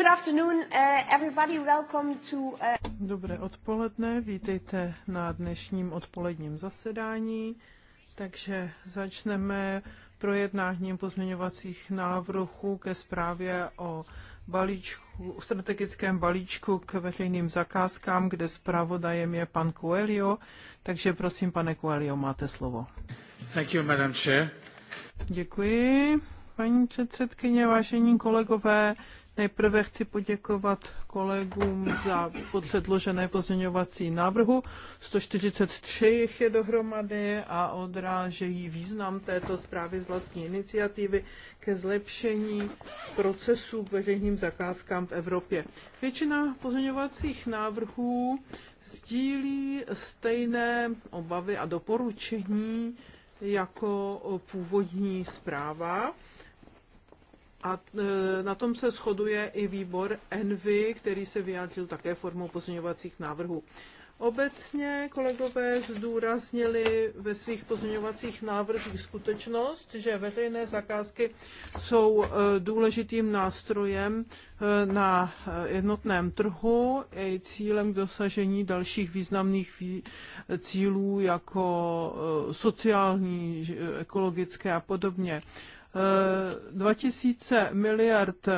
Good afternoon, uh, everybody. Welcome to... Uh, Dobré odpoledne, vítejte na dnešním odpoledním zasedání. Takže začneme projednáním pozměňovacích návrhů ke zprávě o balíčku, strategickém balíčku k veřejným zakázkám, kde zpravodajem je pan Coelho. Takže prosím, pane Coelho, máte slovo. Thank you, Madam Chair. Děkuji, paní předsedkyně, vážení kolegové. Nejprve chci poděkovat kolegům za předložené pozměňovací návrhu. 143 jich je dohromady a odrážejí význam této zprávy z vlastní iniciativy ke zlepšení procesů k veřejným zakázkám v Evropě. Většina pozměňovacích návrhů sdílí stejné obavy a doporučení jako původní zpráva a e, na tom se shoduje i výbor Envy, který se vyjádřil také formou pozměňovacích návrhů. Obecně kolegové zdůraznili ve svých pozměňovacích návrzích skutečnost, že veřejné zakázky jsou e, důležitým nástrojem e, na jednotném trhu i cílem k dosažení dalších významných cílů jako sociální, ekologické a podobně. 2000 eh, miliard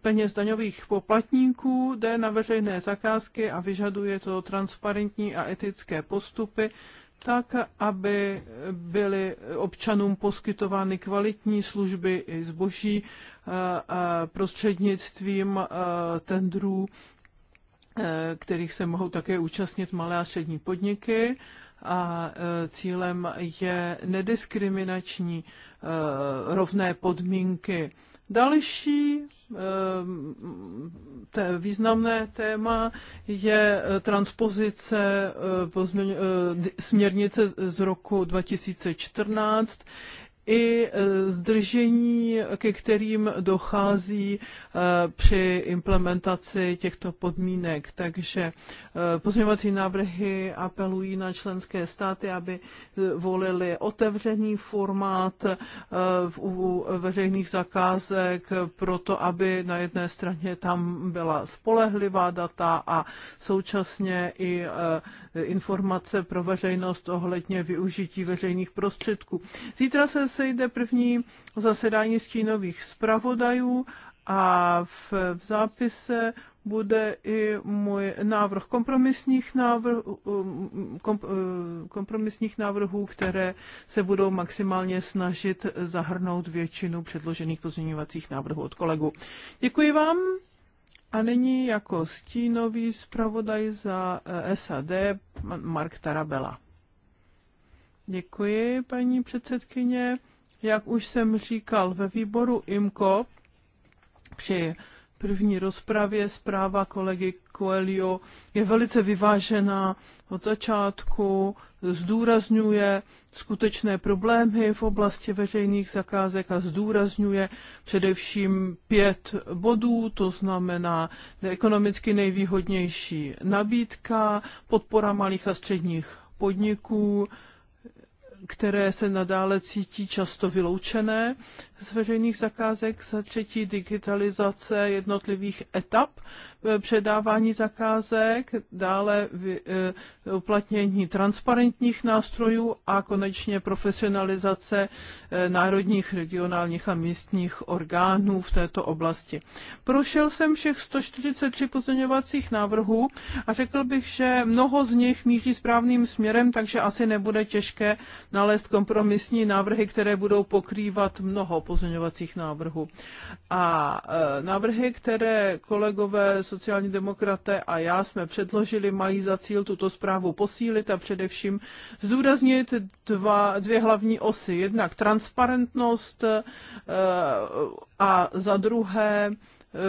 peněz daňových poplatníků jde na veřejné zakázky a vyžaduje to transparentní a etické postupy, tak, aby byly občanům poskytovány kvalitní služby i zboží eh, eh, prostřednictvím tendrů, kterých se mohou také účastnit malé a střední podniky a cílem je nediskriminační Eh, rovné podmínky. Další eh, té významné téma je eh, transpozice směrnice z roku 2014, i e, zdržení, ke kterým dochází e, při implementaci těchto podmínek. Takže e, pozměňovací návrhy apelují na členské státy, aby volili otevřený formát u veřejných zakázek, proto aby na jedné straně tam byla spolehlivá data a současně i informace pro veřejnost ohledně využití veřejných prostředků. Zítra se sejde první zasedání stínových zpravodajů a v, v zápise bude i můj návrh kompromisních, návrh, um, uh, kompromisních návrhů, které se budou maximálně snažit zahrnout většinu předložených pozměňovacích návrhů od kolegu. Děkuji vám. A nyní jako stínový zpravodaj za eh, SAD Mark Tarabela. Děkuji, paní předsedkyně. Jak už jsem říkal, ve výboru IMCO při první rozpravě zpráva kolegy Coelho je velice vyvážená od začátku, zdůrazňuje skutečné problémy v oblasti veřejných zakázek a zdůrazňuje především pět bodů, to znamená ekonomicky nejvýhodnější nabídka, podpora malých a středních podniků, které se nadále cítí často vyloučené z veřejných zakázek, za třetí digitalizace jednotlivých etap eh, předávání zakázek, dále eh, uplatnění transparentních nástrojů a konečně profesionalizace eh, národních, regionálních a místních orgánů v této oblasti. Prošel jsem všech 143 pozměňovacích návrhů a řekl bych, že mnoho z nich míří správným směrem, takže asi nebude těžké nalézt kompromisní návrhy, které budou pokrývat mnoho pozměňovacích návrhů. A e, návrhy, které kolegové sociální demokraté a já jsme předložili, mají za cíl tuto zprávu posílit a především zdůraznit dva, dvě hlavní osy. Jednak transparentnost e, a za druhé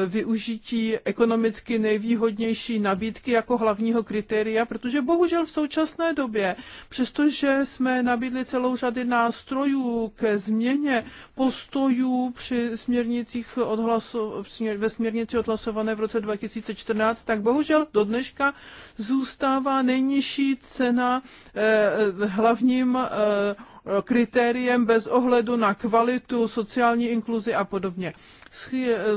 využití ekonomicky nejvýhodnější nabídky jako hlavního kritéria, protože bohužel v současné době, přestože jsme nabídli celou řady nástrojů ke změně postojů při směrnicích odhlaso, ve směrnici odhlasované v roce 2014, tak bohužel do dneška zůstává nejnižší cena eh, hlavním eh, kritériem bez ohledu na kvalitu, sociální inkluzi a podobně.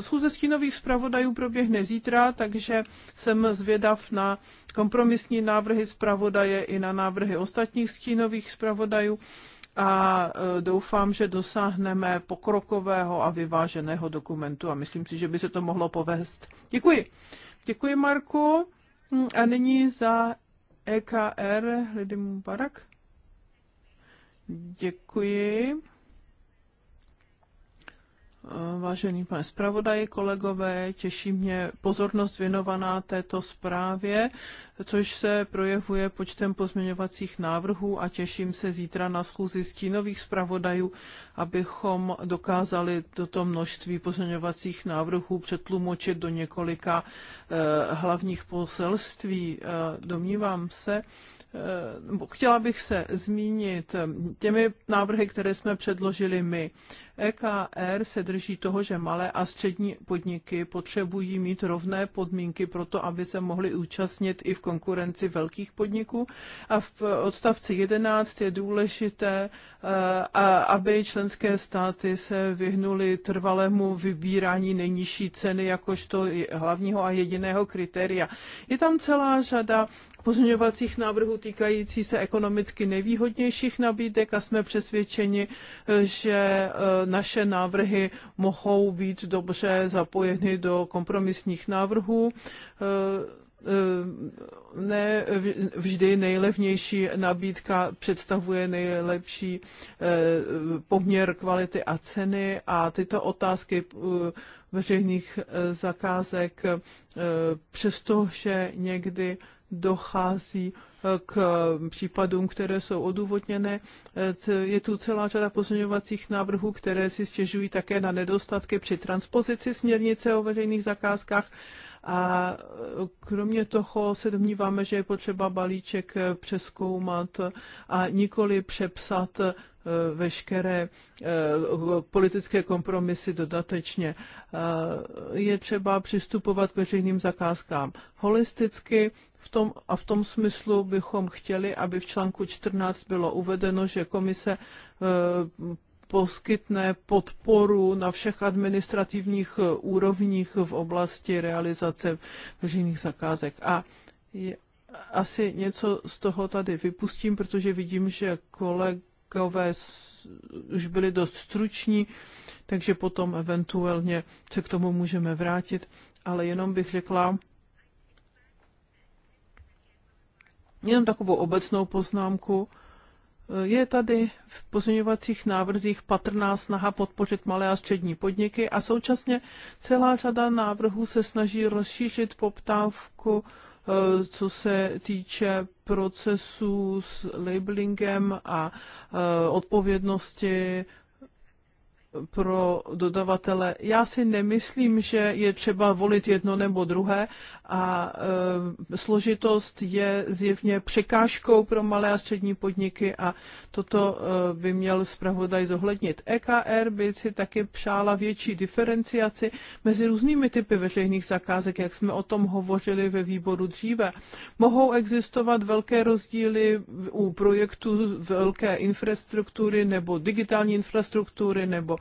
Schůze stínových zpravodajů proběhne zítra, takže jsem zvědav na kompromisní návrhy zpravodaje i na návrhy ostatních stínových zpravodajů a e, doufám, že dosáhneme pokrokového a vyváženého dokumentu a myslím si, že by se to mohlo povést. Děkuji. Děkuji, Marku. A nyní za EKR Lidimu Barak. Děkuji. Vážený pane zpravodaji, kolegové, těší mě pozornost věnovaná této zprávě, což se projevuje počtem pozměňovacích návrhů a těším se zítra na schůzi stínových zpravodajů, abychom dokázali toto množství pozměňovacích návrhů přetlumočit do několika eh, hlavních poselství. Eh, domnívám se, Eh, chtěla bych se zmínit eh, těmi návrhy, které jsme předložili my. EKR se drží toho, že malé a střední podniky potřebují mít rovné podmínky pro to, aby se mohly účastnit i v konkurenci velkých podniků. A v eh, odstavci 11 je důležité, aby členské státy se vyhnuly trvalému vybírání nejnižší ceny jakožto hlavního a jediného kritéria. Je tam celá řada pozměňovacích návrhů týkající se ekonomicky nejvýhodnějších nabídek a jsme přesvědčeni, eh, že eh, naše návrhy mohou být dobře zapojeny do kompromisních návrhů eh, ne vždy nejlevnější nabídka představuje nejlepší poměr kvality a ceny a tyto otázky veřejných zakázek, přestože někdy dochází eh, k eh, případům, které jsou odůvodněné. Eh, je tu celá řada pozměňovacích návrhů, které si stěžují také na nedostatky při transpozici směrnice o veřejných zakázkách a kromě toho se domníváme, že je potřeba balíček přeskoumat a nikoli přepsat veškeré politické kompromisy dodatečně. Je třeba přistupovat k veřejným zakázkám holisticky, v tom, a v tom smyslu bychom chtěli, aby v článku 14 bylo uvedeno, že komise e, poskytne podporu na všech administrativních e, úrovních v oblasti realizace veřejných zakázek. A je, asi něco z toho tady vypustím, protože vidím, že kolegové už byli dost struční, takže potom eventuálně se k tomu můžeme vrátit. Ale jenom bych řekla, Jenom takovou obecnou poznámku. Je tady v pozměňovacích návrzích patrná snaha podpořit malé a střední podniky a současně celá řada návrhů se snaží rozšířit poptávku, eh, co se týče procesů s labelingem a eh, odpovědnosti pro dodavatele. Já si nemyslím, že je třeba volit jedno nebo druhé a e, složitost je zjevně překážkou pro malé a střední podniky a toto e, by měl zpravodaj zohlednit. EKR by si taky přála větší diferenciaci mezi různými typy veřejných zakázek, jak jsme o tom hovořili ve výboru dříve. Mohou existovat velké rozdíly u projektů velké infrastruktury nebo digitální infrastruktury nebo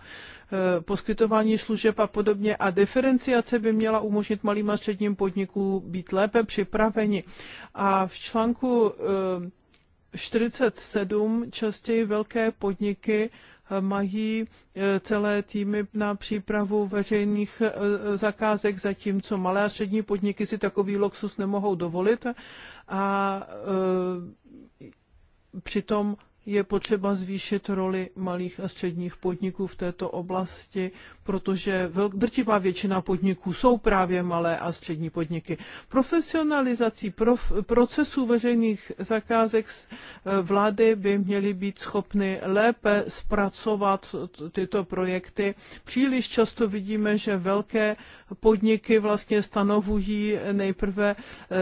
Eh, poskytování služeb a podobně. A diferenciace by měla umožnit malým a středním podnikům být lépe připraveni. A v článku 47 eh, častěji velké podniky eh, mají celé týmy na přípravu veřejných zakázek, zatímco malé a střední podniky si takový luxus nemohou dovolit a přitom je potřeba zvýšit roli malých a středních podniků v této oblasti, protože drtivá většina podniků jsou právě malé a střední podniky. Profesionalizací prof, procesů veřejných zakázek e, vlády by měly být schopny lépe zpracovat tyto projekty. Příliš často vidíme, že velké podniky vlastně stanovují nejprve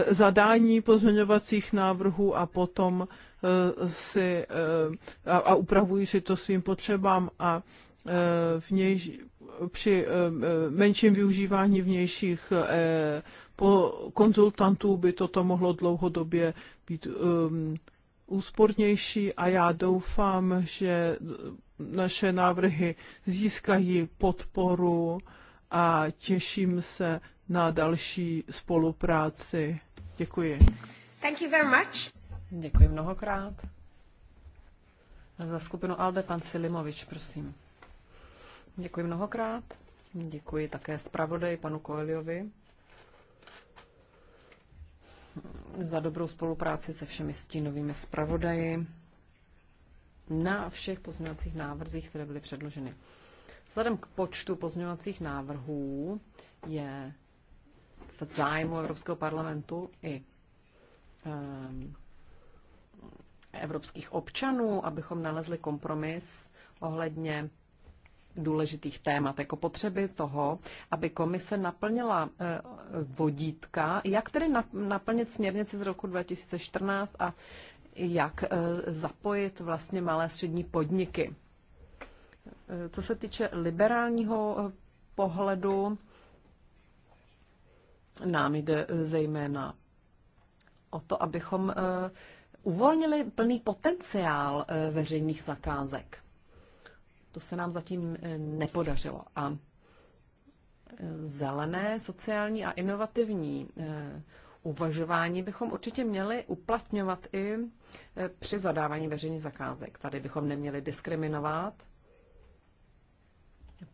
e, zadání pozměňovacích návrhů a potom si eh, a, a upravují si to svým potřebám a eh, v něj, při eh, menším využívání vnějších po konzultantů by toto mohlo dlouhodobě být ehm, úspornější a já doufám, že naše návrhy získají podporu a těším se na další spolupráci. Děkuji. Thank you very much. Děkuji mnohokrát. Za skupinu ALDE pan Silimovič, prosím. Děkuji mnohokrát. Děkuji také zpravodaji panu Koeliovi za dobrou spolupráci se všemi stínovými zpravodaji na všech pozměňovacích návrzích, které byly předloženy. Vzhledem k počtu pozměňovacích návrhů je v zájmu Evropského parlamentu i um, evropských občanů, abychom nalezli kompromis ohledně důležitých témat, jako potřeby toho, aby komise naplnila eh, vodítka, jak tedy naplnit směrnici z roku 2014 a jak eh, zapojit vlastně malé střední podniky. Eh, co se týče liberálního pohledu, nám jde zejména o to, abychom uvolnili plný potenciál eh, veřejných zakázek. To se nám zatím eh, nepodařilo. A eh, zelené, sociální a inovativní uvažování bychom určitě měli uplatňovat i při zadávání veřejných zakázek. Tady bychom neměli diskriminovat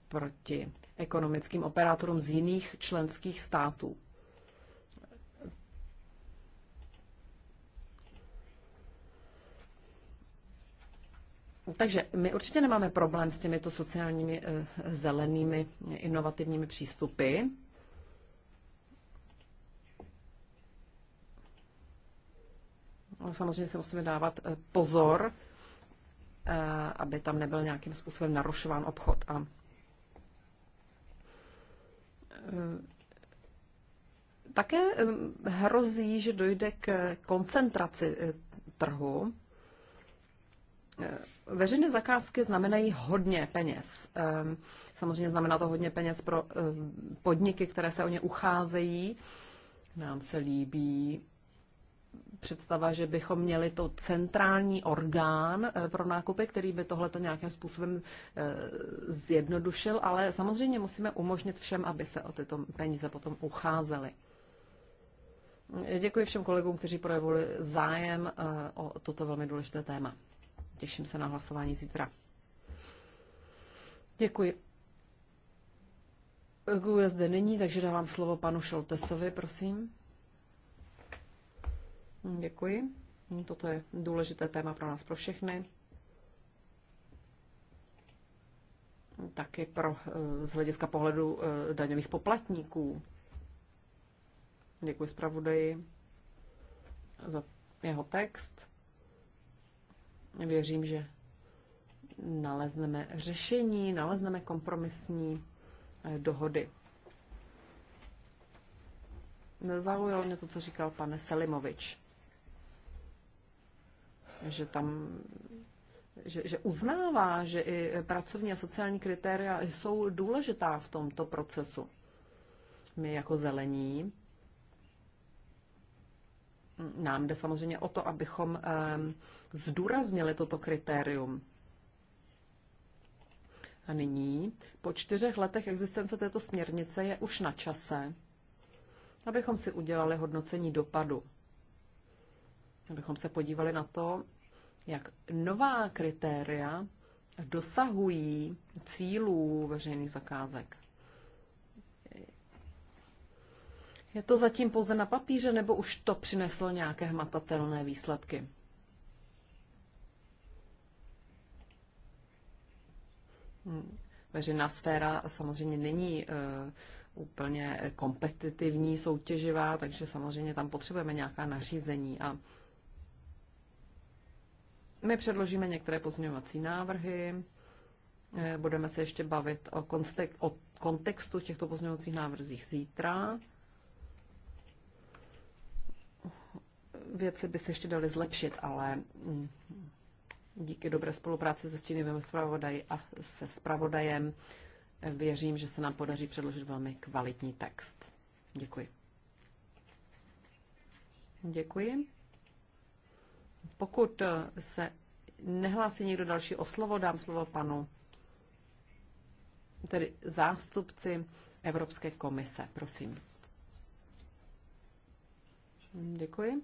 proti ekonomickým operátorům z jiných členských států. Takže my určitě nemáme problém s těmito sociálními eh, zelenými inovativními přístupy. samozřejmě se musíme dávat eh, pozor, eh, aby tam nebyl nějakým způsobem narušován obchod. A také hrozí, že dojde k koncentraci trhu Eh, veřejné zakázky znamenají hodně peněz. Ehm, samozřejmě znamená to hodně peněz pro ehm, podniky, které se o ně ucházejí. Nám se líbí představa, že bychom měli to centrální orgán eh, pro nákupy, který by tohle to nějakým způsobem eh, zjednodušil, ale samozřejmě musíme umožnit všem, aby se o tyto peníze potom ucházeli. Děkuji všem kolegům, kteří projevili zájem o toto velmi důležité téma. Těším se na hlasování zítra. Děkuji. Guje zde není, takže dávám slovo panu Šoltesovi, prosím. Děkuji. Toto je důležité téma pro nás, pro všechny. Taky pro, eh, z hlediska pohledu eh, daňových poplatníků. Děkuji zpravodaji za jeho text. Věřím, že nalezneme řešení, nalezneme kompromisní eh, dohody. Zaujalo mě to, co říkal pane Selimovič, že tam že, že uznává, že i pracovní a sociální kritéria jsou důležitá v tomto procesu. My jako zelení nám jde samozřejmě o to, abychom eh, zdůraznili toto kritérium. A nyní, po čtyřech letech existence této směrnice, je už na čase, abychom si udělali hodnocení dopadu. Abychom se podívali na to, jak nová kritéria dosahují cílů veřejných zakázek. Je to zatím pouze na papíře, nebo už to přineslo nějaké hmatatelné výsledky? Hmm. Veřejná sféra samozřejmě není eh, úplně kompetitivní, soutěživá, takže samozřejmě tam potřebujeme nějaká nařízení. A my předložíme některé pozměňovací návrhy, eh, budeme se ještě bavit o, kontek- o kontextu těchto pozměňovacích návrzích zítra. věci by se ještě daly zlepšit, ale mm, díky dobré spolupráci se stínovým zpravodaj a se zpravodajem eh, věřím, že se nám podaří předložit velmi kvalitní text. Děkuji. Děkuji. Pokud eh, se nehlásí někdo další o slovo, dám slovo panu, tedy zástupci Evropské komise. Prosím. Děkuji.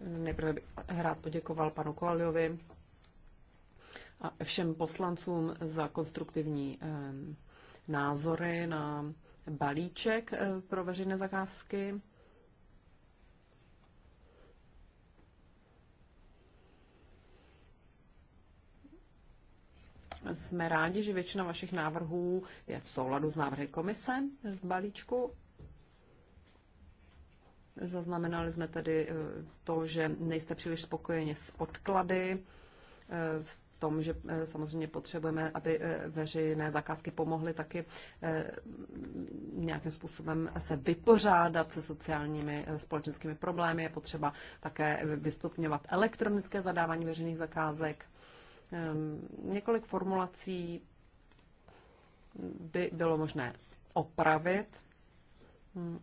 Nejprve bych rád poděkoval panu Koaliovi a všem poslancům za konstruktivní názory na balíček eh, pro veřejné zakázky. Jsme rádi, že většina vašich návrhů je v souladu s návrhy komise v balíčku Zaznamenali jsme tedy eh, to, že nejste příliš spokojeni s odklady, eh, v tom, že eh, samozřejmě potřebujeme, aby veřejné zakázky pomohly taky nějakým způsobem se vypořádat se sociálními společenskými problémy. Je potřeba také vystupňovat elektronické zadávání veřejných zakázek. Ehm, několik formulací by bylo možné opravit hm.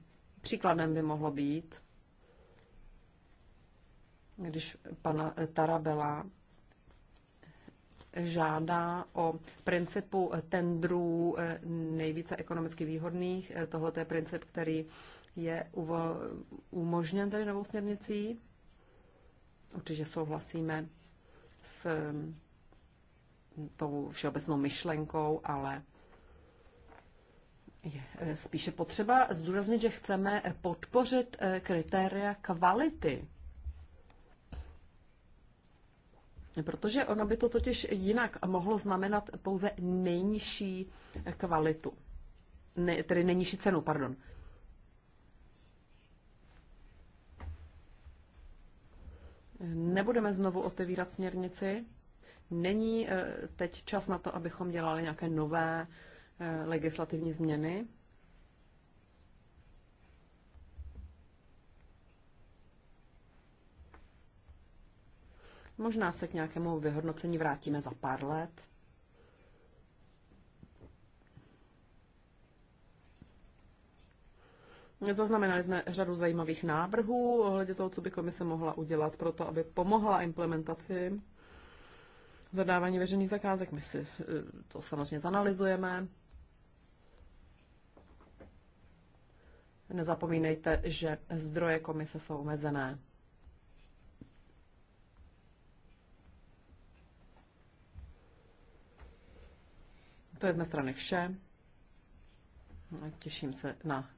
Příkladem by mohlo být, když pana Tarabela žádá o principu tendrů eh, nejvíce ekonomicky výhodných. Eh, tohle je princip, který je umožněn tedy novou směrnicí. Určitě souhlasíme s mm, tou všeobecnou myšlenkou, ale je eh, spíše potřeba zdůraznit, že chceme podpořit eh, kritéria kvality. Protože ono by to totiž jinak mohlo znamenat pouze nejnižší kvalitu, ne, tedy nejnižší cenu, pardon. Nebudeme znovu otevírat směrnici. Není eh, teď čas na to, abychom dělali nějaké nové uh, Eh, legislativní změny. Možná se k nějakému vyhodnocení vrátíme za pár let. Zaznamenali jsme řadu zajímavých návrhů ohledně toho, co by komise mohla udělat pro to, aby pomohla implementaci zadávání veřejných zakázek. My si eh, to samozřejmě zanalizujeme. Nezapomínejte, že zdroje komise jsou omezené. To je z mé strany vše. Těším se na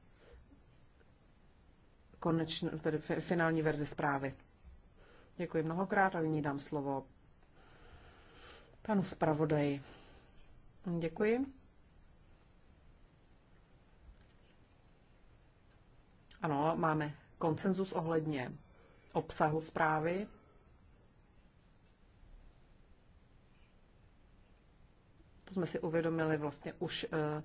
konečnou, tedy finální verzi zprávy. Děkuji mnohokrát a nyní dám slovo panu zpravodaji. Děkuji. Ano, máme konsenzus ohledně obsahu zprávy. To jsme si uvědomili vlastně už eh,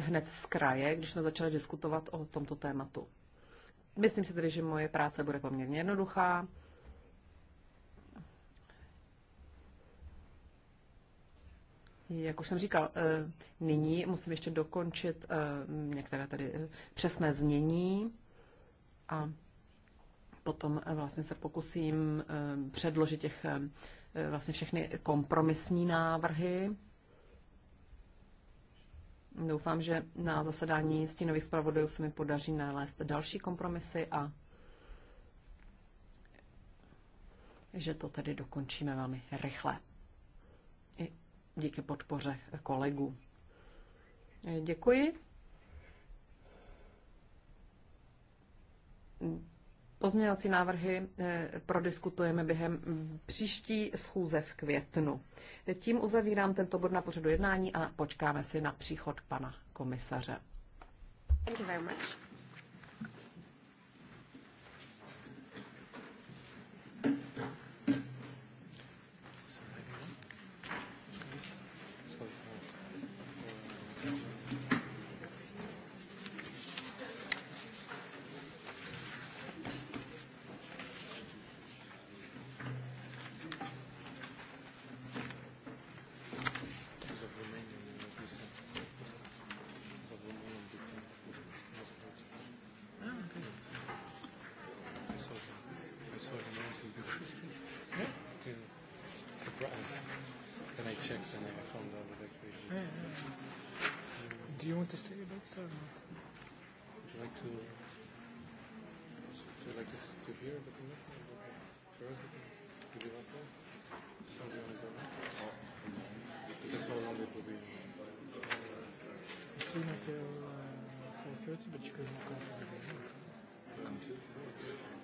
hned z kraje, když jsme začali diskutovat o tomto tématu. Myslím si tedy, že moje práce bude poměrně jednoduchá. Jak už jsem říkal, eh, nyní musím ještě dokončit eh, některé tady eh, přesné znění a potom vlastně se pokusím předložit těch vlastně všechny kompromisní návrhy. Doufám, že na zasedání stínových zpravodajů se mi podaří nalézt další kompromisy a že to tedy dokončíme velmi rychle díky podpoře kolegů. Děkuji. Pozměňovací návrhy eh, prodiskutujeme během příští schůze v květnu. Tím uzavírám tento bod na pořadu jednání a počkáme si na příchod pana komisaře. Thank you very much. Can I check the name of the other page? Yeah, yeah. Do you want to stay bit or not? Would you like to? Would you like to, to hear the commitment? do you want to? do you want to go? Because how long it will be? It's been until uh, 4:30, but you can come. Come to 4:30.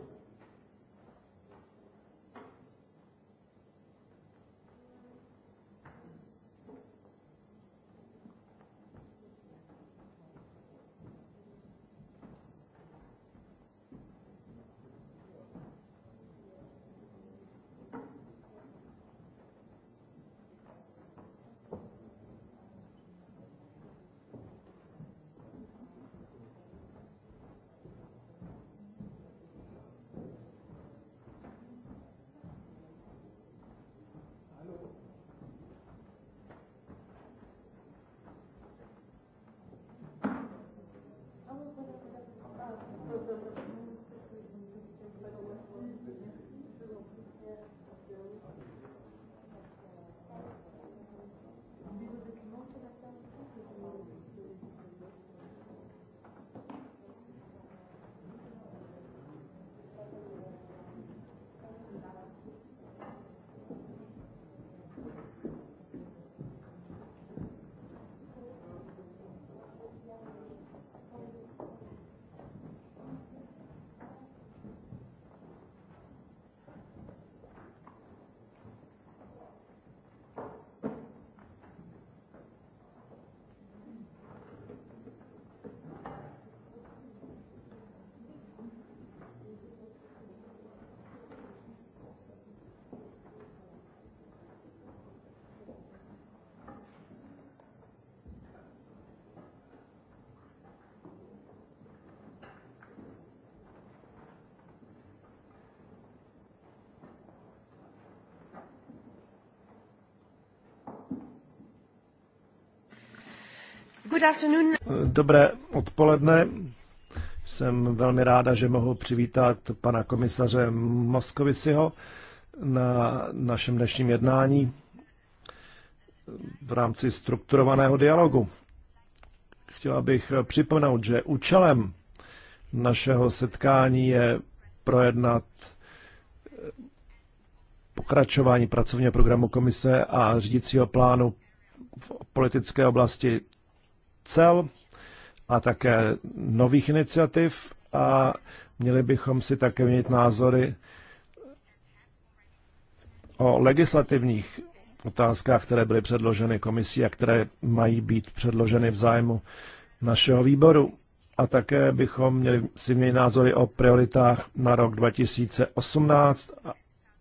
Dobré odpoledne. Jsem velmi ráda, že mohu přivítat pana komisaře Moskovisiho na našem dnešním jednání v rámci strukturovaného dialogu. Chtěla bych připomenout, že účelem našeho setkání je projednat pokračování pracovního programu komise a řídícího plánu v politické oblasti cel a také nových iniciativ a měli bychom si také mít názory o legislativních otázkách, které byly předloženy komisí a které mají být předloženy v zájmu našeho výboru. A také bychom měli si měli názory o prioritách na rok 2018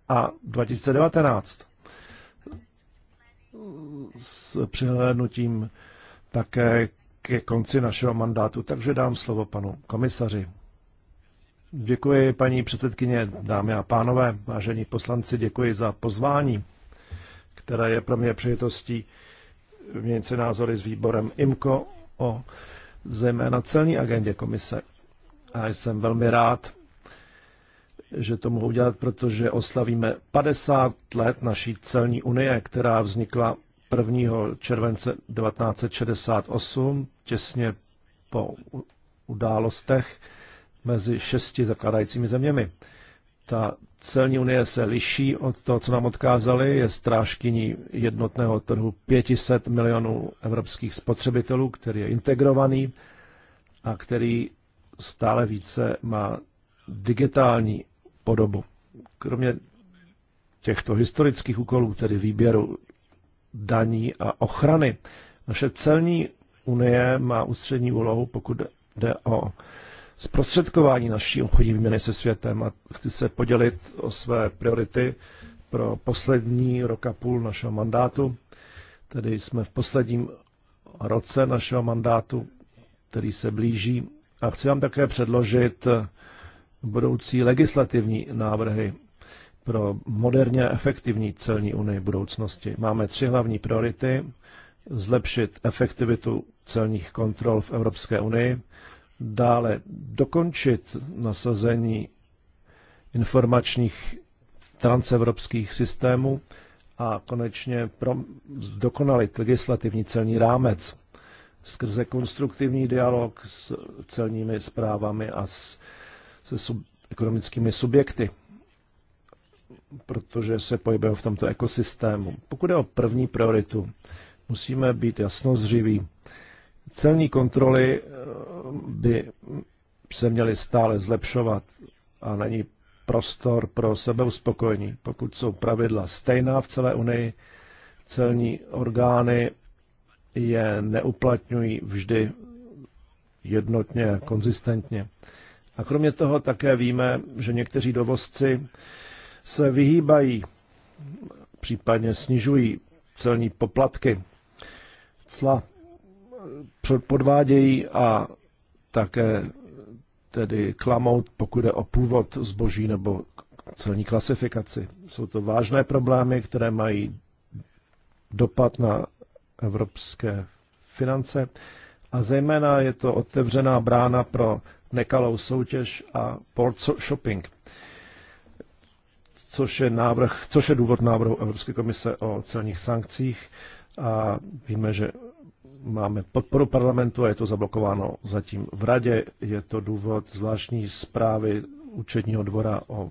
a 2019 s přihlédnutím také ke konci našeho mandátu, takže dám slovo panu komisaři. Děkuji, paní předsedkyně, dámy a pánové, vážení poslanci, děkuji za pozvání, které je pro mě přijetostí měnit si názory s výborem IMCO o zejména celní agendě komise. A jsem velmi rád, že to mohu udělat, protože oslavíme 50 let naší celní unie, která vznikla 1. července 1968, těsně po událostech mezi šesti zakladajícími zeměmi. Ta celní unie se liší od toho, co nám odkázali, je strážkyní jednotného trhu 500 milionů evropských spotřebitelů, který je integrovaný a který stále více má digitální podobu. Kromě těchto historických úkolů, tedy výběru daní a ochrany. Naše celní unie má ústřední úlohu, pokud jde o zprostředkování naší obchodní výměny se světem a chci se podělit o své priority pro poslední rok a půl našeho mandátu. Tedy jsme v posledním roce našeho mandátu, který se blíží. A chci vám také předložit budoucí legislativní návrhy pro moderně efektivní celní unii budoucnosti. Máme tři hlavní priority. Zlepšit efektivitu celních kontrol v Evropské unii, dále dokončit nasazení informačních transevropských systémů a konečně pro, legislativní celní rámec skrze konstruktivní dialog s celními zprávami a s, se sub, ekonomickými subjekty protože se pohybujeme v tomto ekosystému. Pokud je o první prioritu, musíme být jasnozřiví. Celní kontroly eh, by se měly stále zlepšovat a není prostor pro sebeuspokojení. Pokud jsou pravidla stejná v celé Unii, celní orgány je neuplatňují vždy jednotně, konzistentně. A kromě toho také víme, že někteří dovozci se vyhýbají, případně snižují celní poplatky, cla eh, podvádějí a také tedy klamou, pokud je o původ zboží nebo celní klasifikaci. Jsou to vážné problémy, které mají dopad na evropské finance a zejména je to otevřená brána pro nekalou soutěž a port shopping což je, návrh, což je důvod návrhu Evropské komise o celních sankcích a víme, že máme podporu parlamentu a je to zablokováno zatím v radě. Je to důvod zvláštní zprávy účetního dvora o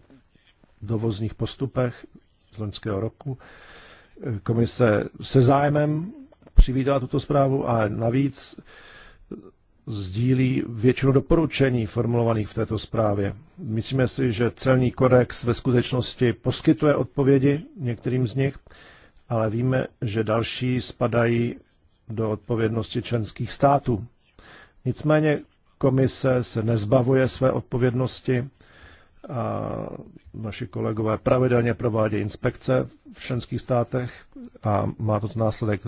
dovozních postupech z loňského roku. Komise se zájmem přivítala tuto zprávu a navíc sdílí většinu doporučení formulovaných v této zprávě. Myslíme si, že celní kodex ve skutečnosti poskytuje odpovědi některým z nich, ale víme, že další spadají do odpovědnosti členských států. Nicméně komise se nezbavuje své odpovědnosti a naši kolegové pravidelně provádějí inspekce v členských státech a má to následek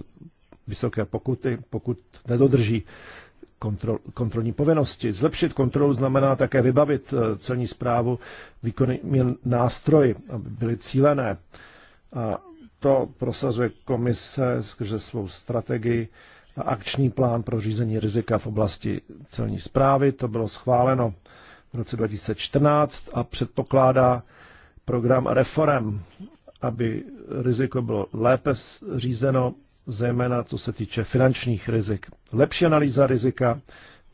vysoké pokuty, pokud nedodrží kontrol, kontrolní povinnosti. Zlepšit kontrolu znamená také vybavit eh, celní zprávu výkonnými nástroji, aby byly cílené. A to prosazuje komise skrze svou strategii a akční plán pro řízení rizika v oblasti celní zprávy. To bylo schváleno v roce 2014 a předpokládá program reform, aby riziko bylo lépe řízeno zejména co se týče finančních rizik. Lepší analýza rizika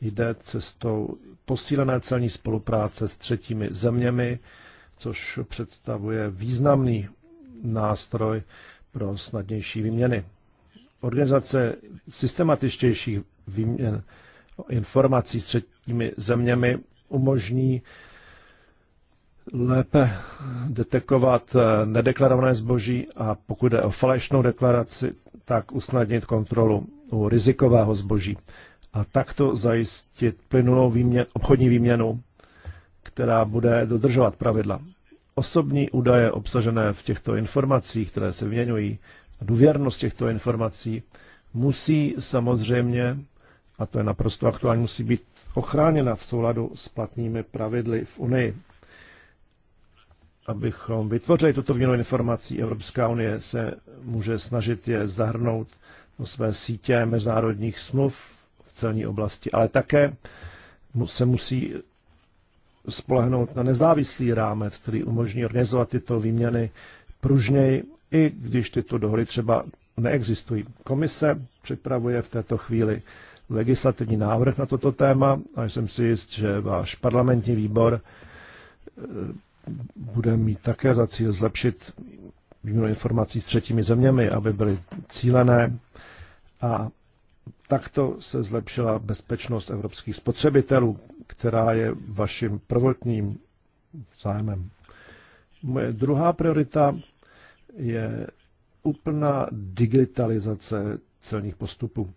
jde cestou posílené celní spolupráce s třetími zeměmi, což představuje významný nástroj pro snadnější výměny. Organizace systematičtějších výměn informací s třetími zeměmi umožní lépe detekovat eh, nedeklarované zboží a pokud jde o falešnou deklaraci, tak usnadnit kontrolu u rizikového zboží a takto zajistit plynulou výměn, obchodní výměnu, která bude dodržovat pravidla. Osobní údaje obsažené v těchto informacích, které se vyměňují, a důvěrnost těchto informací musí samozřejmě, a to je naprosto aktuální, musí být ochráněna v souladu s platnými pravidly v Unii abychom vytvořili tuto výměnu informací. Evropská unie se může snažit je zahrnout do své sítě mezinárodních smluv v celní oblasti, ale také se musí spolehnout na nezávislý rámec, který umožní organizovat tyto výměny pružněji, i když tyto dohody třeba neexistují. Komise připravuje v této chvíli legislativní návrh na toto téma a jsem si jist, že váš parlamentní výbor bude mít také za cíl zlepšit výměnu informací s třetími zeměmi, aby byly cílené a takto se zlepšila bezpečnost evropských spotřebitelů, která je vaším prvotním zájmem. Moje druhá priorita je úplná digitalizace celních postupů.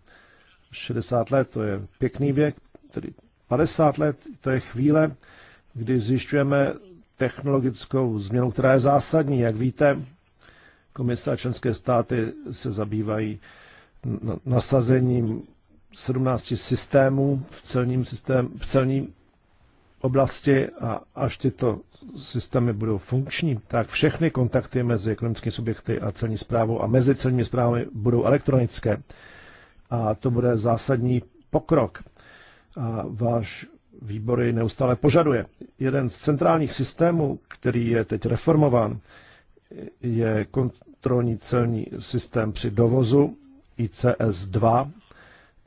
60 let to je pěkný věk, tedy 50 let to je chvíle, kdy zjišťujeme technologickou změnou, která je zásadní. Jak víte, komise a členské státy se zabývají nasazením 17 systémů v celním, systém, v celním oblasti a až tyto systémy budou funkční, tak všechny kontakty mezi ekonomickými subjekty a celní zprávou a mezi celními zprávami budou elektronické. A to bude zásadní pokrok. A váš výbory neustále požaduje. Jeden z centrálních systémů, který je teď reformován, je kontrolní celní systém při dovozu ICS-2,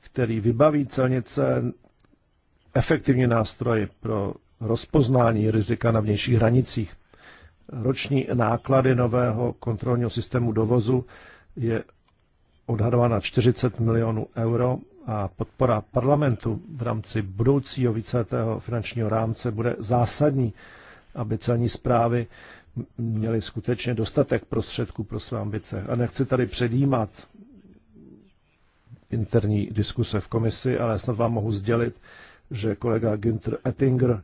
který vybaví celnice efektivní nástroje pro rozpoznání rizika na vnějších hranicích. Roční náklady nového kontrolního systému dovozu je odhadována 40 milionů euro a podpora parlamentu v rámci budoucího víceletého finančního rámce bude zásadní, aby celní zprávy měly skutečně dostatek prostředků pro své ambice. A nechci tady předjímat interní diskuse v komisi, ale snad vám mohu sdělit, že kolega Günther Ettinger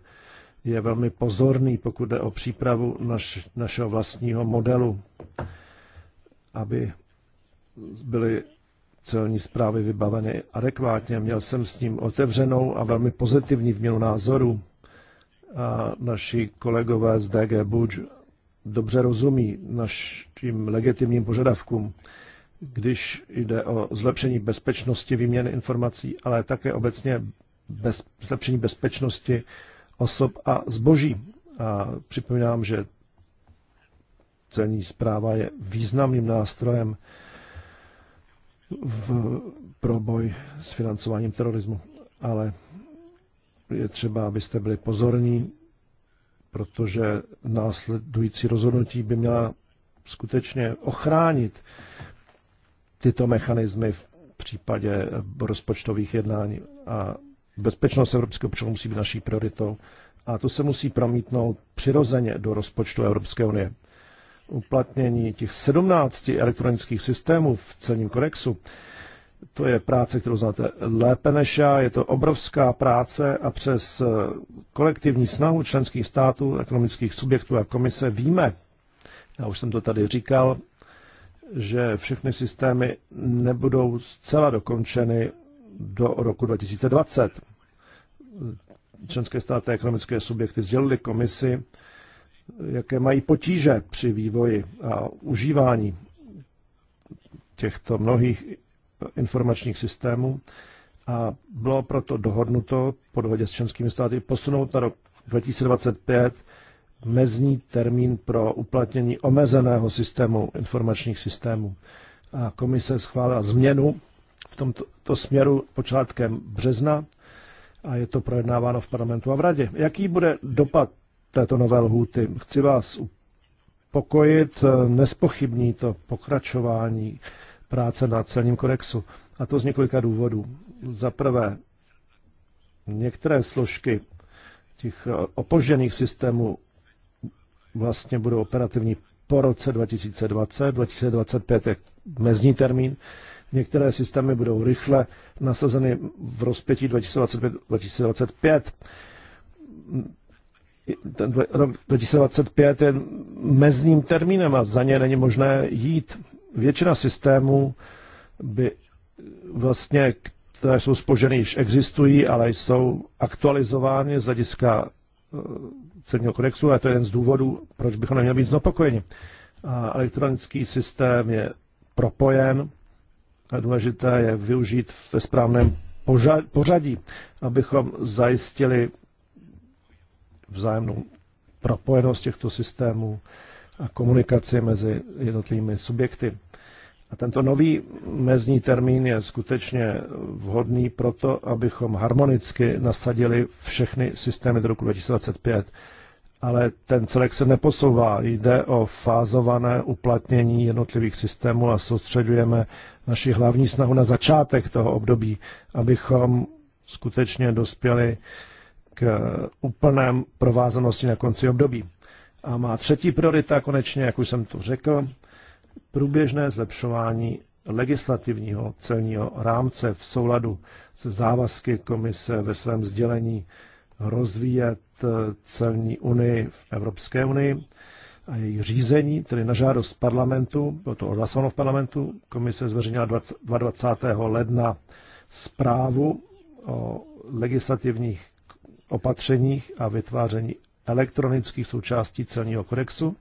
je velmi pozorný, pokud jde o přípravu naš, našeho vlastního modelu, aby byly celní zprávy vybaveny adekvátně. Měl jsem s ním otevřenou a velmi pozitivní vměnu názoru. A naši kolegové z DG Buč dobře rozumí našim legitimním požadavkům, když jde o zlepšení bezpečnosti výměny informací, ale také obecně bez, zlepšení bezpečnosti osob a zboží. A připomínám, že celní zpráva je významným nástrojem v, proboj s financováním terorismu. Ale je třeba, abyste byli pozorní, protože následující rozhodnutí by měla skutečně ochránit tyto mechanismy v případě rozpočtových jednání. A bezpečnost evropského občanů musí být naší prioritou. A to se musí promítnout přirozeně do rozpočtu Evropské unie uplatnění těch 17 elektronických systémů v celním korexu. to je práce, kterou znáte lépe než já. Je to obrovská práce a přes eh, kolektivní snahu členských států, ekonomických subjektů a komise víme, já už jsem to tady říkal, že všechny systémy nebudou zcela dokončeny do roku 2020. Členské státy a ekonomické subjekty sdělili komisi, jaké mají potíže při vývoji a užívání těchto mnohých informačních systémů a bylo proto dohodnuto po dohodě s členskými státy posunout na rok 2025 mezní termín pro uplatnění omezeného systému informačních systémů. A komise schválila změnu v tomto směru počátkem března a je to projednáváno v parlamentu a v radě. Jaký bude dopad této nové lhůty. Chci vás upokojit, eh, nespochybní to pokračování práce na celním kodexu. A to z několika důvodů. Za prvé, některé složky těch eh, opožděných systémů vlastně budou operativní po roce 2020. 2025 je mezní termín. Některé systémy budou rychle nasazeny v rozpětí 2025. 2025 rok 2025 je mezním termínem a za ně není možné jít. Většina systémů by vlastně, které jsou spožené, již existují, ale jsou aktualizovány z hlediska eh, celního kodexu a to je jeden z důvodů, proč bychom neměli být znepokojeni. A elektronický systém je propojen a důležité je využít ve správném pořadí, abychom zajistili vzájemnou propojenost těchto systémů a komunikaci mezi jednotlivými subjekty. A tento nový mezní termín je skutečně vhodný proto, abychom harmonicky nasadili všechny systémy do roku 2025. Ale ten celek se neposouvá. Jde o fázované uplatnění jednotlivých systémů a soustředujeme naši hlavní snahu na začátek toho období, abychom skutečně dospěli k eh, úplném provázanosti na konci období. A má třetí priorita, konečně, jak už jsem to řekl, průběžné zlepšování legislativního celního rámce v souladu se závazky komise ve svém sdělení rozvíjet eh, celní unii v Evropské unii a její řízení, tedy na žádost parlamentu, bylo to odhlasováno v parlamentu, komise zveřejnila 22. ledna zprávu o legislativních opatřeních a vytváření elektronických součástí celního kodexu.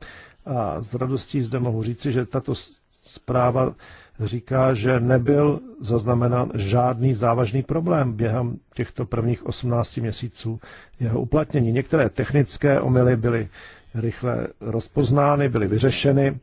A s radostí zde mohu říci, že tato zpráva říká, že nebyl zaznamenán žádný závažný problém během těchto prvních 18 měsíců jeho uplatnění. Některé technické omily byly rychle rozpoznány, byly vyřešeny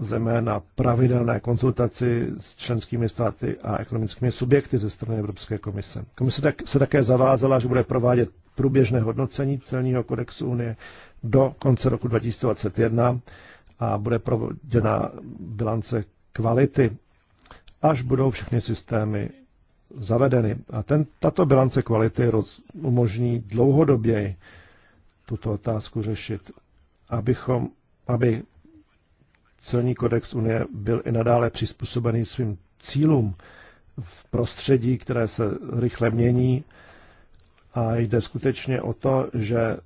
zeme na pravidelné konzultaci s členskými státy a ekonomickými subjekty ze strany Evropské komise. Komise tak, se také zavázala, že bude provádět průběžné hodnocení celního kodexu Unie do konce roku 2021 a bude prováděna bilance kvality, až budou všechny systémy zavedeny. A ten, tato bilance kvality roz, umožní dlouhodoběji tuto otázku řešit, abychom, aby Celní kodex Unie byl i nadále přizpůsobený svým cílům v prostředí, které se rychle mění. A jde skutečně o to, že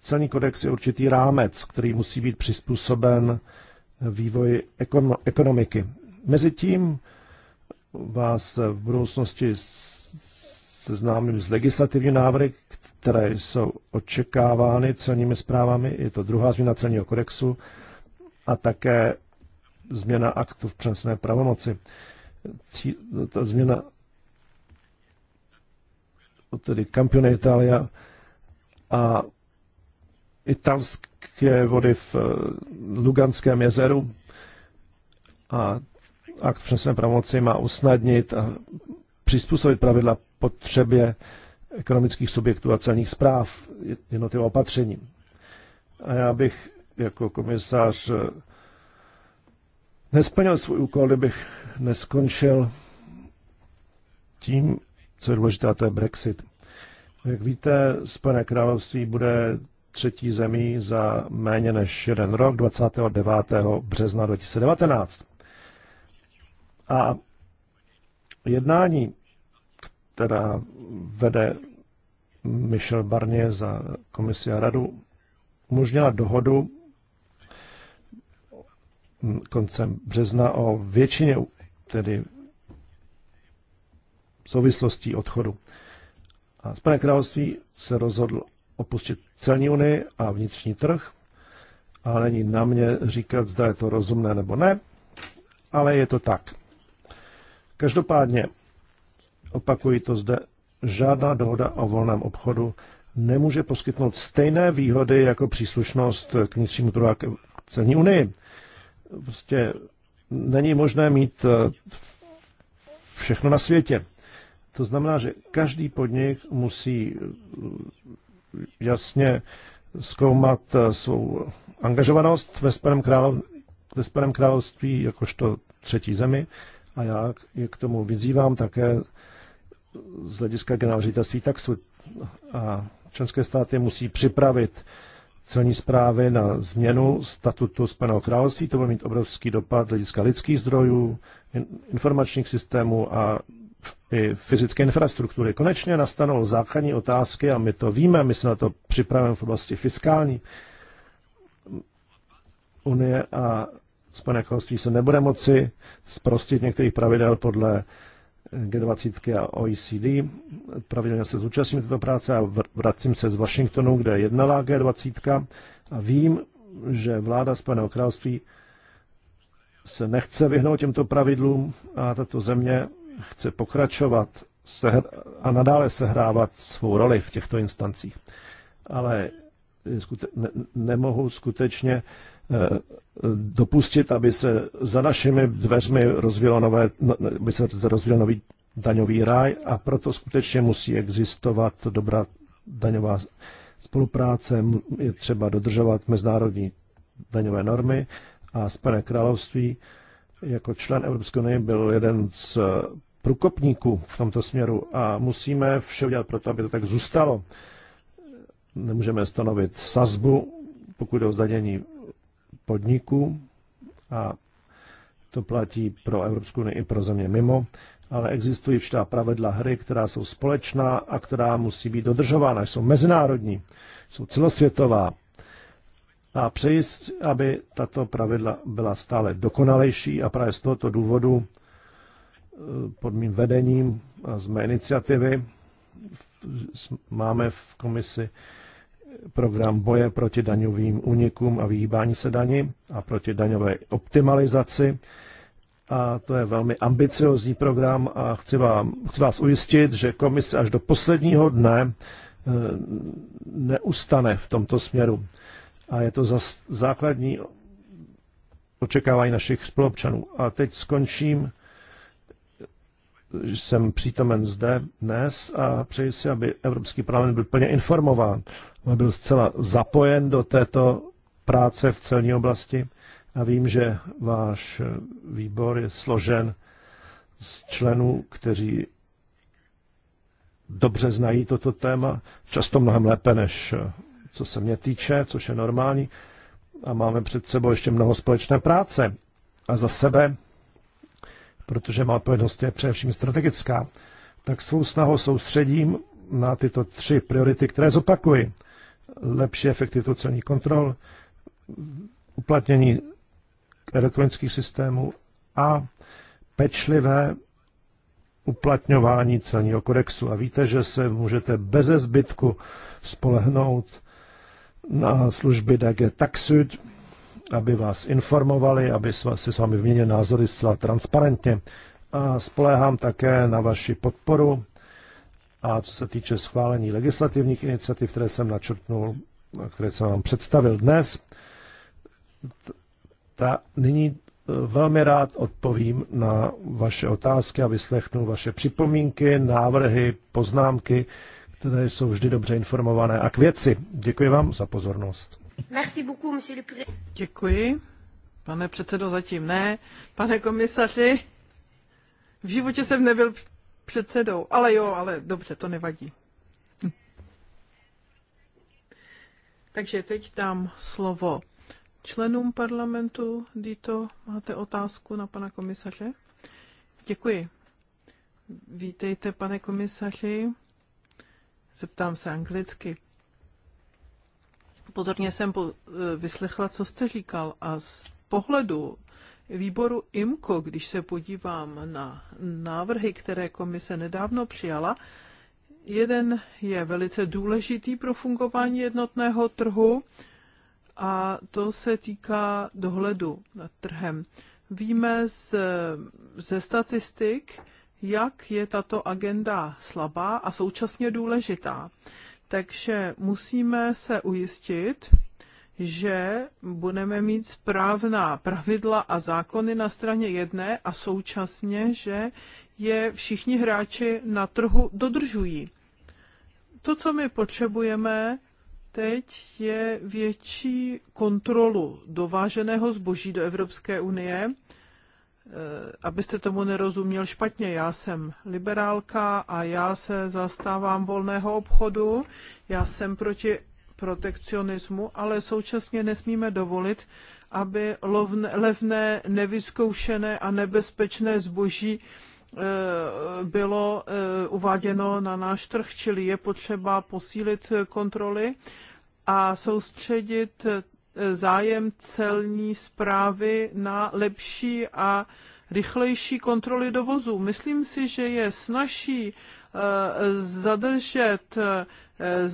celní kodex je určitý rámec, který musí být přizpůsoben vývoji ekonomiky. Mezitím vás v budoucnosti seznámím s legislativní návrhy, které jsou očekávány celními zprávami. Je to druhá změna celního kodexu a také změna aktu v přenesené pravomoci. Cí, ta změna tedy Campione Italia a italské vody v eh, Luganském jezeru a akt přesné pravomoci má usnadnit a přizpůsobit pravidla potřebě ekonomických subjektů a celních zpráv jednotlivého opatření. A já bych jako komisář eh, nesplnil svůj úkol, kdybych neskončil tím, co je důležité, a to je Brexit. Jak víte, Spojené království bude třetí zemí za méně než jeden rok, 29. března 2019. A jednání, která vede Michel Barnier za komisi a radu, umožnila dohodu koncem března o většině tedy souvislostí odchodu. A Spojené království se rozhodl opustit celní unii a vnitřní trh, a není na mě říkat, zda je to rozumné nebo ne, ale je to tak. Každopádně, opakuji to zde, žádná dohoda o volném obchodu nemůže poskytnout stejné výhody jako příslušnost k vnitřnímu trhu a k celní unii. Prostě není možné mít eh, všechno na světě. To znamená, že každý podnik musí eh, jasně zkoumat eh, svou angažovanost ve Spojeném, králov, ve království jakožto třetí zemi a já je k tomu vyzývám také z hlediska generálního ředitelství taxu. A členské státy musí připravit uh, celní zprávy na změnu statutu Spojeného království. To bude mít obrovský dopad z hlediska lidských zdrojů, informačních systémů a i fyzické infrastruktury. Konečně nastanou základní otázky a my to víme, my se na to připravujeme v oblasti fiskální. Unie a Spojené království se nebude moci zprostit některých pravidel podle G20 a OECD. Pravidelně se zúčastním této práce a vracím se z Washingtonu, kde jednala G20 a vím, že vláda Spojeného království se nechce vyhnout těmto pravidlům a tato země chce pokračovat a nadále sehrávat svou roli v těchto instancích. Ale ne- nemohu skutečně Eh, dopustit, aby se za našimi dveřmi rozvíjelo nové, no, aby se rozvíjel nový daňový ráj a proto skutečně musí existovat dobrá daňová spolupráce, je třeba dodržovat mezinárodní daňové normy a Spojené království jako člen Evropské unie byl jeden z průkopníků v tomto směru a musíme vše udělat pro to, aby to tak zůstalo. Nemůžeme stanovit sazbu, pokud je o zdanění podniků a to platí pro Evropskou unii i pro země mimo, ale existují všetá pravidla hry, která jsou společná a která musí být dodržována. Jsou mezinárodní, jsou celosvětová. A přejist, aby tato pravidla byla stále dokonalejší a právě z tohoto důvodu eh, pod mým vedením a z mé iniciativy máme v komisi program boje proti daňovým únikům a vyhýbání se daní a proti daňové optimalizaci. A to je velmi ambiciozní program a chci, vám, chci vás ujistit, že komise až do posledního dne eh, neustane v tomto směru. A je to zas základní očekávání našich spolupčanů. A teď skončím. Jsem přítomen zde dnes a přeji si, aby Evropský parlament byl plně informován byl zcela zapojen do této práce v celní oblasti a vím, že váš výbor je složen z členů, kteří dobře znají toto téma, často mnohem lépe než co se mě týče, což je normální. A máme před sebou ještě mnoho společné práce. A za sebe, protože má odpovědnost je především strategická, tak svou snahu soustředím na tyto tři priority, které zopakuji lepší efektivitu celních kontrol, uplatnění elektronických systémů a pečlivé uplatňování celního kodexu. A víte, že se můžete bez zbytku spolehnout na služby DG Taxud, aby vás informovali, aby se s vámi vměnili názory zcela transparentně. A spoléhám také na vaši podporu a co se týče schválení legislativních iniciativ, které jsem načrtnul, které jsem vám představil dnes, ta, nyní eh, velmi rád odpovím na vaše otázky a vyslechnu vaše připomínky, návrhy, poznámky, které jsou vždy dobře informované a k věci. Děkuji vám za pozornost. Merci beaucoup, monsieur le Děkuji. Pane předsedo, zatím ne. Pane komisaři, v životě jsem nebyl předsedou. Ale jo, ale dobře, to nevadí. Hm. Takže teď dám slovo členům parlamentu. Dito, máte otázku na pana komisaře? Děkuji. Vítejte, pane komisaři. Zeptám se anglicky. Pozorně jsem eh, vyslechla, co jste říkal a z pohledu výboru IMCO, když se podívám na návrhy, které komise nedávno přijala, jeden je velice důležitý pro fungování jednotného trhu a to se týká dohledu nad trhem. Víme z, ze statistik, jak je tato agenda slabá a současně důležitá. Takže musíme se ujistit, že budeme mít správná pravidla a zákony na straně jedné a současně, že je všichni hráči na trhu dodržují. To, co my potřebujeme teď, je větší kontrolu dováženého zboží do Evropské unie. E, abyste tomu nerozuměl špatně, já jsem liberálka a já se zastávám volného obchodu, já jsem proti protekcionismu, ale současně nesmíme dovolit, aby levné, nevyzkoušené a nebezpečné zboží e, bylo e, uváděno na náš trh, čili je potřeba posílit kontroly a soustředit e, zájem celní zprávy na lepší a rychlejší kontroly dovozu. Myslím si, že je snažší zadržet E,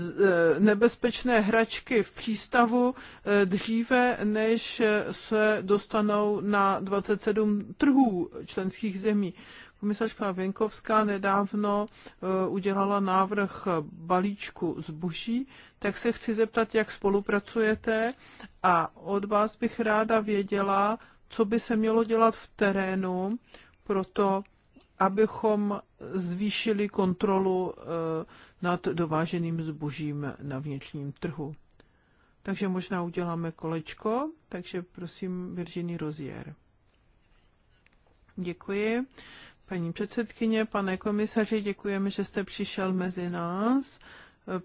nebezpečné hračky v přístavu e, dříve, než se dostanou na 27 trhů členských zemí. Komisařka Věnkovská nedávno e, udělala návrh balíčku zboží, tak se chci zeptat, jak spolupracujete a od vás bych ráda věděla, co by se mělo dělat v terénu, proto abychom zvýšili kontrolu eh, nad dováženým zbožím na vnitřním trhu. Takže možná uděláme kolečko, takže prosím Virginie Rozier. Děkuji. Paní předsedkyně, pane komisaři, děkujeme, že jste přišel mezi nás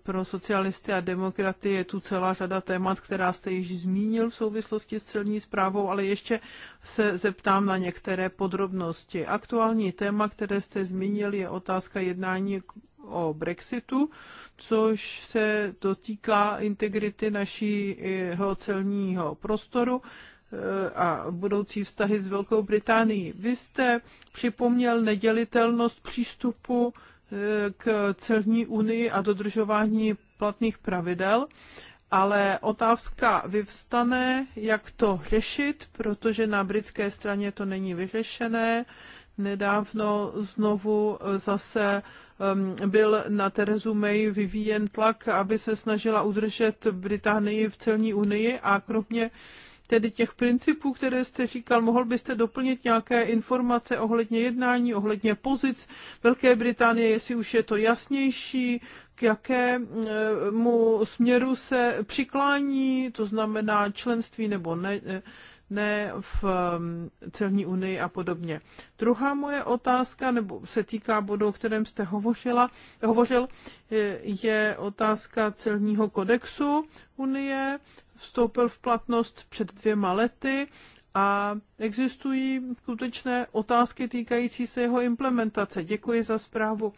pro socialisty a demokraty je tu celá řada témat, která jste již zmínil v souvislosti s celní zprávou, ale ještě se zeptám na některé podrobnosti. Aktuální téma, které jste zmínil, je otázka jednání o Brexitu, což se dotýká integrity našího celního prostoru eh, a budoucí vztahy s Velkou Británií. Vy jste připomněl nedělitelnost přístupu k celní unii a dodržování platných pravidel, ale otázka vyvstane, jak to řešit, protože na britské straně to není vyřešené. Nedávno znovu zase um, byl na Terezu May vyvíjen tlak, aby se snažila udržet Británii v celní unii a kromě tedy těch principů, které jste říkal, mohl byste doplnit nějaké informace ohledně jednání, ohledně pozic Velké Británie, jestli už je to jasnější, k jakému směru se přiklání, to znamená členství nebo ne, ne v um, celní unii a podobně. Druhá moje otázka, nebo se týká bodu, o kterém jste hovořila, hovořil, je otázka celního kodexu unie vstoupil v platnost před dvěma lety a existují skutečné otázky týkající se jeho implementace. Děkuji za zprávu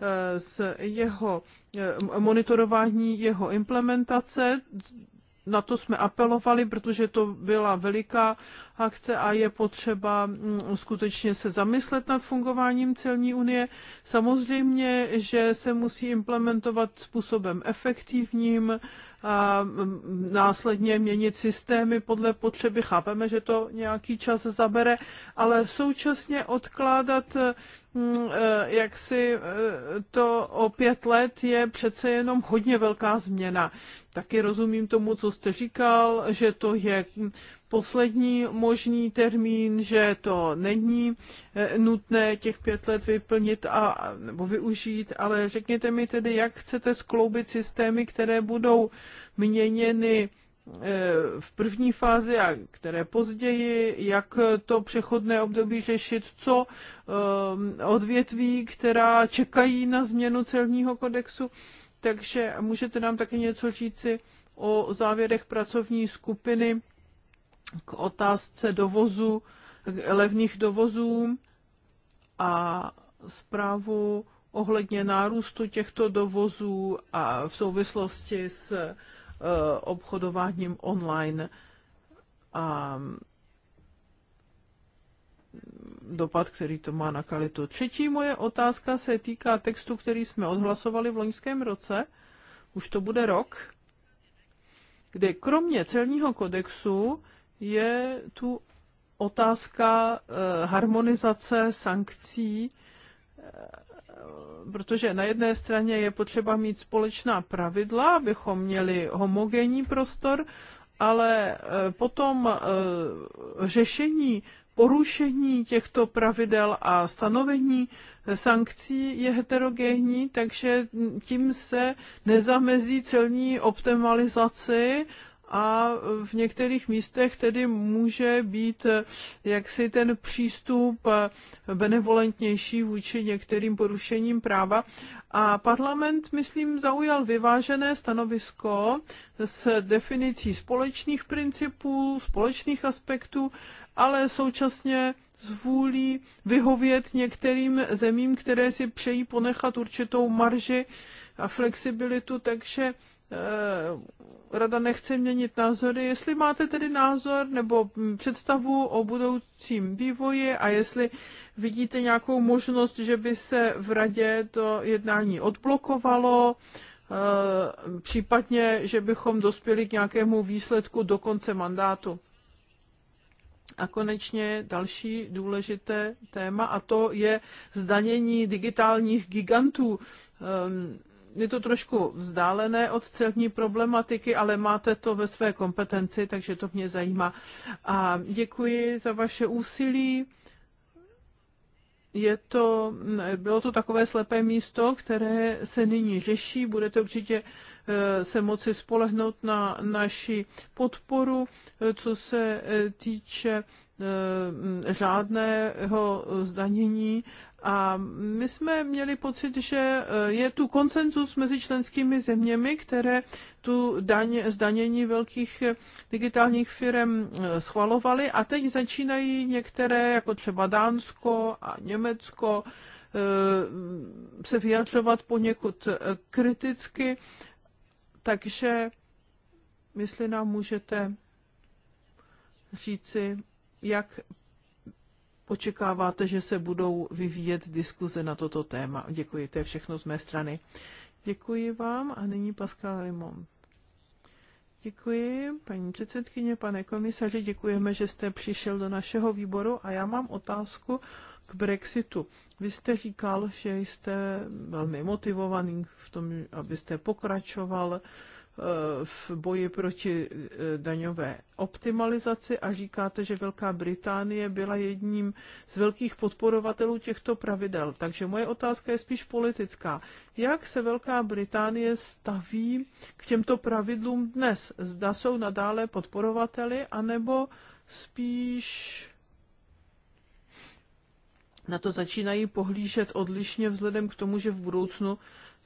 eh, z jeho eh, monitorování jeho implementace. Na to jsme apelovali, protože to byla veliká akce a je potřeba mm, skutečně se zamyslet nad fungováním celní unie. Samozřejmě, že se musí implementovat způsobem efektivním, a následně měnit systémy podle potřeby. Chápeme, že to nějaký čas zabere, ale současně odkládat e, jak si e, to o pět let je přece jenom hodně velká změna. Taky rozumím tomu, co jste říkal, že to je poslední možný termín, že to není eh, nutné těch pět let vyplnit a, nebo využít, ale řekněte mi tedy, jak chcete skloubit systémy, které budou měněny eh, v první fázi a které později, jak to přechodné období řešit, co eh, odvětví, která čekají na změnu celního kodexu. Takže můžete nám také něco říci o závěrech pracovní skupiny k otázce dovozu, levných dovozů a zprávu ohledně nárůstu těchto dovozů a v souvislosti s e, obchodováním online a dopad, který to má na kvalitu. Třetí moje otázka se týká textu, který jsme odhlasovali v loňském roce. Už to bude rok, kde kromě celního kodexu je tu otázka eh, harmonizace sankcí, eh, protože na jedné straně je potřeba mít společná pravidla, abychom měli homogenní prostor, ale eh, potom řešení porušení těchto pravidel a stanovení sankcí je heterogénní, takže tím se nezamezí celní optimalizaci a v některých místech tedy může být eh, jaksi ten přístup eh, benevolentnější vůči některým porušením práva. A parlament, myslím, zaujal vyvážené stanovisko s definicí společných principů, společných aspektů, ale současně zvůlí vyhovět některým zemím, které si přejí ponechat určitou marži a flexibilitu, takže Eh, rada nechce měnit názory. Jestli máte tedy názor nebo představu o budoucím vývoji a jestli vidíte nějakou možnost, že by se v radě to jednání odblokovalo, eh, případně, že bychom dospěli k nějakému výsledku do konce mandátu. A konečně další důležité téma, a to je zdanění digitálních gigantů. Ehm, je to trošku vzdálené od celní problematiky, ale máte to ve své kompetenci, takže to mě zajímá. A děkuji za vaše úsilí. Je to, bylo to takové slepé místo, které se nyní řeší. Budete určitě e, se moci spolehnout na naši podporu, e, co se e, týče řádného zdanění a my jsme měli pocit, že eh, je tu konsenzus mezi členskými zeměmi, které tu daň, zdanění velkých eh, digitálních firm eh, schvalovaly a teď začínají některé, jako třeba Dánsko a Německo, se vyjadřovat poněkud kriticky. Takže, jestli nám můžete říci, jak očekáváte, že se budou vyvíjet diskuze na toto téma. Děkuji, to je všechno z mé strany. Děkuji vám a nyní Pascal Limon. Děkuji, paní předsedkyně, pane komisaři, děkujeme, že jste přišel do našeho výboru a já mám otázku k Brexitu. Vy jste říkal, že jste velmi motivovaný v tom, abyste pokračoval v boji proti eh, daňové optimalizaci a říkáte, že Velká Británie byla jedním z velkých podporovatelů těchto pravidel. Takže moje otázka je spíš politická. Jak se Velká Británie staví k těmto pravidlům dnes? Zda jsou nadále podporovateli, anebo spíš na to začínají pohlížet odlišně vzhledem k tomu, že v budoucnu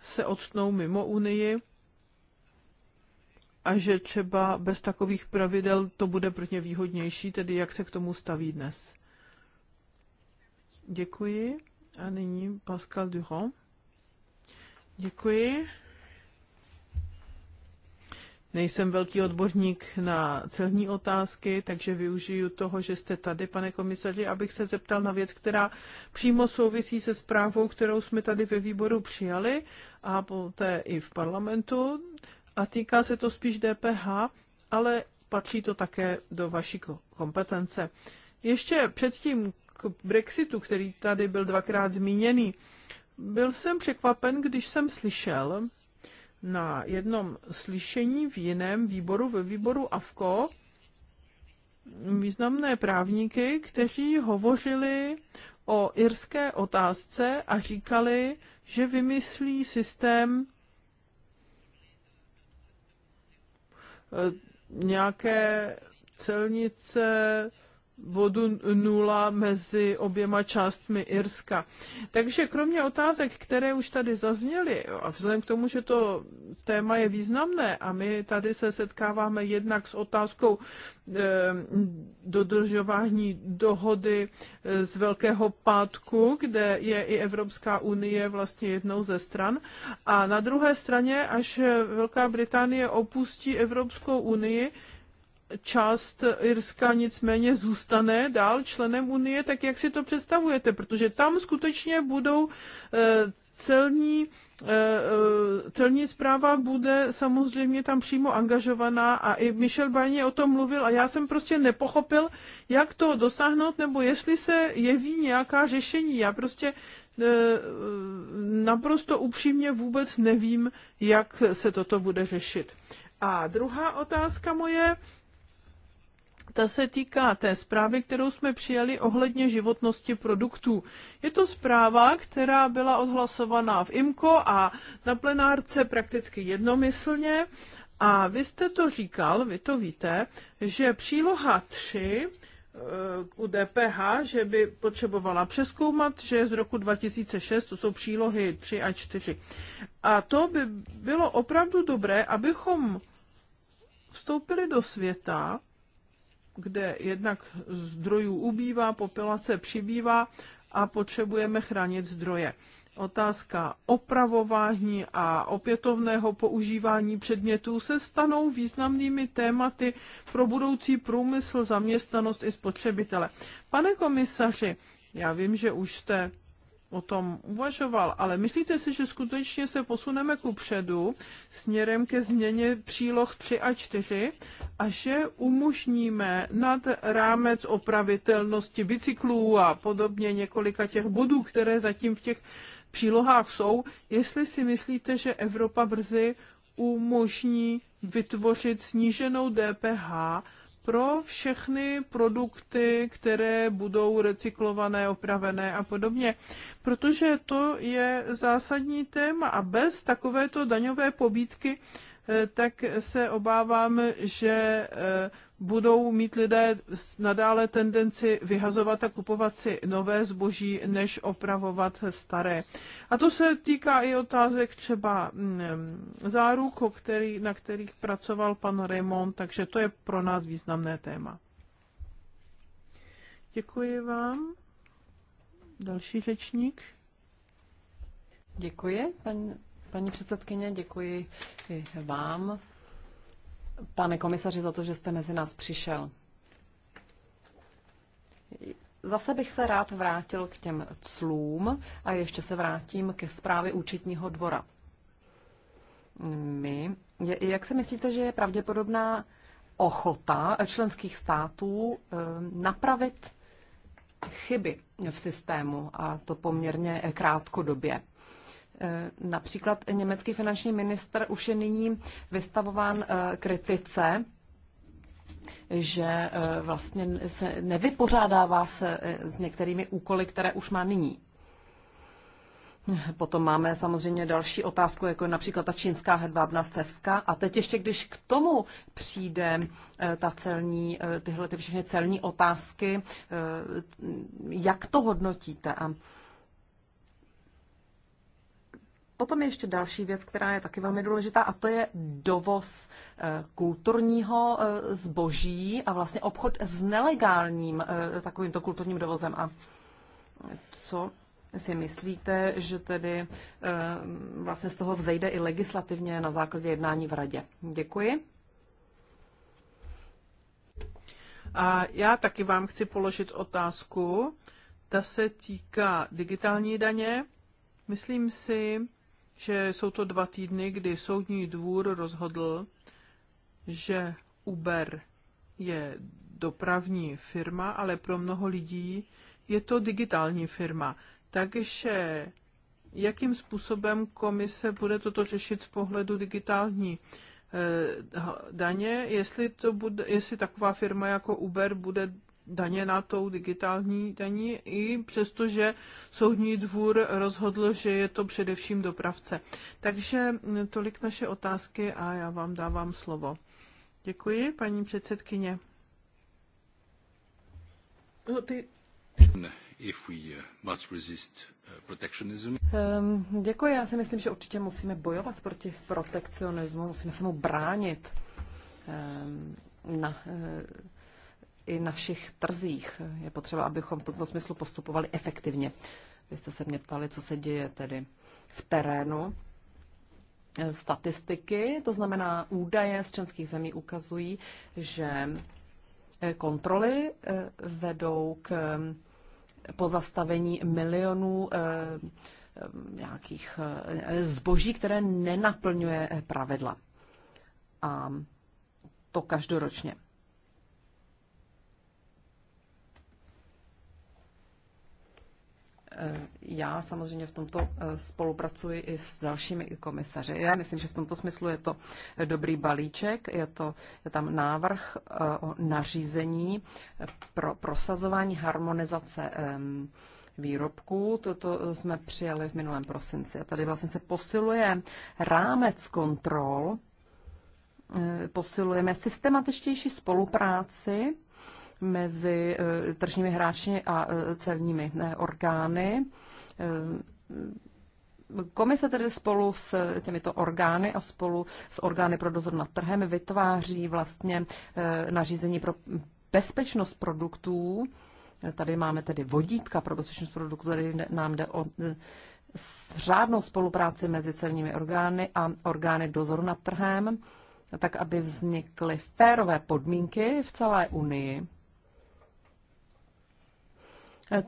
se odstnou mimo Unii a že třeba bez takových pravidel to bude pro ně výhodnější, tedy jak se k tomu staví dnes. Děkuji. A nyní Pascal Durand. Děkuji. Nejsem velký odborník na celní otázky, takže využiju toho, že jste tady, pane komisaři, abych se zeptal na věc, která přímo souvisí se zprávou, kterou jsme tady ve výboru přijali a poté i v parlamentu a týká se to spíš DPH, ale patří to také do vaší kompetence. Ještě předtím k Brexitu, který tady byl dvakrát zmíněný, byl jsem překvapen, když jsem slyšel na jednom slyšení v jiném výboru, ve výboru AFKO, významné právníky, kteří hovořili o irské otázce a říkali, že vymyslí systém Eh, nějaké celnice, bodu nula mezi oběma částmi Irska. Takže kromě otázek, které už tady zazněly, a vzhledem k tomu, že to téma je významné a my tady se setkáváme jednak s otázkou eh, dodržování dohody eh, z Velkého pátku, kde je i Evropská unie vlastně jednou ze stran. A na druhé straně, až Velká Británie opustí Evropskou unii, část Irska nicméně zůstane dál členem Unie, tak jak si to představujete? Protože tam skutečně budou eh, celní, eh, eh, celní zpráva bude samozřejmě tam přímo angažovaná a i Michel Barnier o tom mluvil a já jsem prostě nepochopil, jak to dosáhnout nebo jestli se jeví nějaká řešení. Já prostě naprosto upřímně vůbec nevím, jak se toto bude řešit. A druhá otázka moje ta se týká té zprávy, kterou jsme přijali ohledně životnosti produktů. Je to zpráva, která byla odhlasovaná v IMKO a na plenárce prakticky jednomyslně. A vy jste to říkal, vy to víte, že příloha 3 eh, u DPH, že by potřebovala přeskoumat, že z roku 2006, to jsou přílohy 3 a 4. A to by bylo opravdu dobré, abychom vstoupili do světa, kde jednak zdrojů ubývá, populace přibývá a potřebujeme chránit zdroje. Otázka opravování a opětovného používání předmětů se stanou významnými tématy pro budoucí průmysl, zaměstnanost i spotřebitele. Pane komisaři, já vím, že už jste o tom uvažoval, ale myslíte si, že skutečně se posuneme ku předu směrem ke změně příloh 3 a 4 a že umožníme nad rámec opravitelnosti bicyklů a podobně několika těch bodů, které zatím v těch přílohách jsou, jestli si myslíte, že Evropa brzy umožní vytvořit sníženou DPH pro všechny produkty, které budou recyklované, opravené a podobně. Protože to je zásadní téma a bez takovéto daňové pobídky Eh, tak se obávám, že eh, budou mít lidé nadále tendenci vyhazovat a kupovat si nové zboží, než opravovat staré. A to se týká i otázek třeba mm, eh, záruk, který, na kterých pracoval pan Raymond, takže to je pro nás významné téma. Děkuji vám. Další řečník. Děkuji, pan, Paní předsedkyně, děkuji i vám, pane komisaři, za to, že jste mezi nás přišel. Zase bych se rád vrátil k těm clům a ještě se vrátím ke zprávě účetního dvora. My, jak se myslíte, že je pravděpodobná ochota členských států ehm, napravit chyby v systému a to poměrně krátkodobě? Eh, například německý finanční minister už je nyní vystavován eh, kritice, že eh, vlastně se nevypořádává se s některými úkoly, které už má nyní. Potom máme samozřejmě další otázku, jako je například ta čínská hedvábná stezka. A teď ještě, když k tomu přijde ta celní, tyhle ty všechny celní otázky, jak to hodnotíte? A Potom je ještě další věc, která je taky velmi důležitá, a to je dovoz eh, kulturního eh, zboží a vlastně obchod s nelegálním eh, takovýmto kulturním dovozem. A co si myslíte, že tedy vlastně z toho vzejde i legislativně na základě jednání v radě? Děkuji. A já taky vám chci položit otázku. Ta se týká digitální daně. Myslím si, že jsou to dva týdny, kdy soudní dvůr rozhodl, že Uber je dopravní firma, ale pro mnoho lidí je to digitální firma. Takže jakým způsobem komise bude toto řešit z pohledu digitální eh, daně, jestli, to bude, jestli taková firma jako Uber bude daně na tou digitální daní, i přestože soudní dvůr rozhodl, že je to především dopravce. Takže tolik naše otázky a já vám dávám slovo. Děkuji, paní předsedkyně. No, ty... If we uh, must resist uh, protectionism. Um, děkuji, já si myslím, že určitě musíme bojovat proti protekcionismu, musíme se mu bránit um, na uh, i našich trzích. Je potřeba, abychom v tomto smyslu postupovali efektivně. Vy jste se mě ptali, co se děje tedy v terénu. Eh, statistiky, to znamená údaje z členských zemí, ukazují, že eh, kontroly eh, vedou k pozastavení milionů nějakých zboží, které nenaplňuje pravidla. A to každoročně. Eh, já samozřejmě v tomto eh, spolupracuji i s dalšími komisaři. Já myslím, že v tomto smyslu je to dobrý balíček, je, to, je tam návrh eh, o nařízení pro prosazování harmonizace ehm, výrobků. Toto jsme přijali v minulém prosinci. A tady vlastně se posiluje rámec kontrol, posilujeme systematičtější spolupráci mezi eh, tržními hráči a eh, celními eh, orgány. Komise tedy spolu s těmito orgány a spolu s orgány pro dozor nad trhem vytváří vlastně nařízení pro bezpečnost produktů. Tady máme tedy vodítka pro bezpečnost produktů, tady nám jde o řádnou spolupráci mezi celními orgány a orgány dozoru nad trhem, tak aby vznikly férové podmínky v celé Unii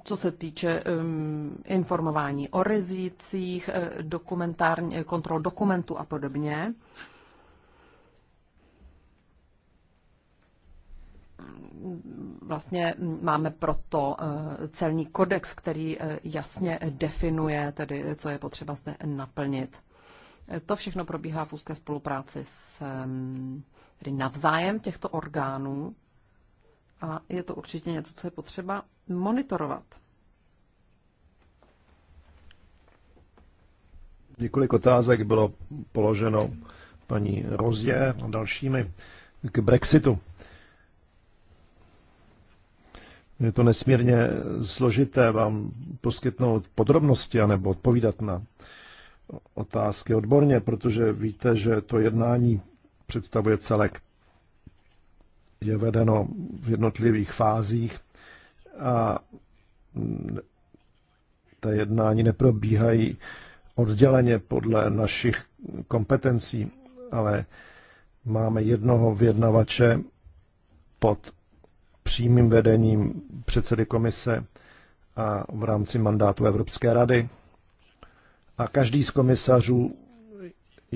co se týče um, informování o rizicích, eh, eh, kontrol dokumentů a podobně. Vlastně máme proto eh, celní kodex, který jasně definuje, tedy co je potřeba zde naplnit. To všechno probíhá v úzké spolupráci s tedy navzájem těchto orgánů a je to určitě něco, co je potřeba monitorovat. Několik otázek bylo položeno paní Rozdě a dalšími k Brexitu. Je to nesmírně složité vám poskytnout podrobnosti anebo odpovídat na otázky odborně, protože víte, že to jednání představuje celek je vedeno v jednotlivých fázích a ta jednání neprobíhají odděleně podle našich kompetencí, ale máme jednoho vyjednavače pod přímým vedením předsedy komise a v rámci mandátu Evropské rady. A každý z komisařů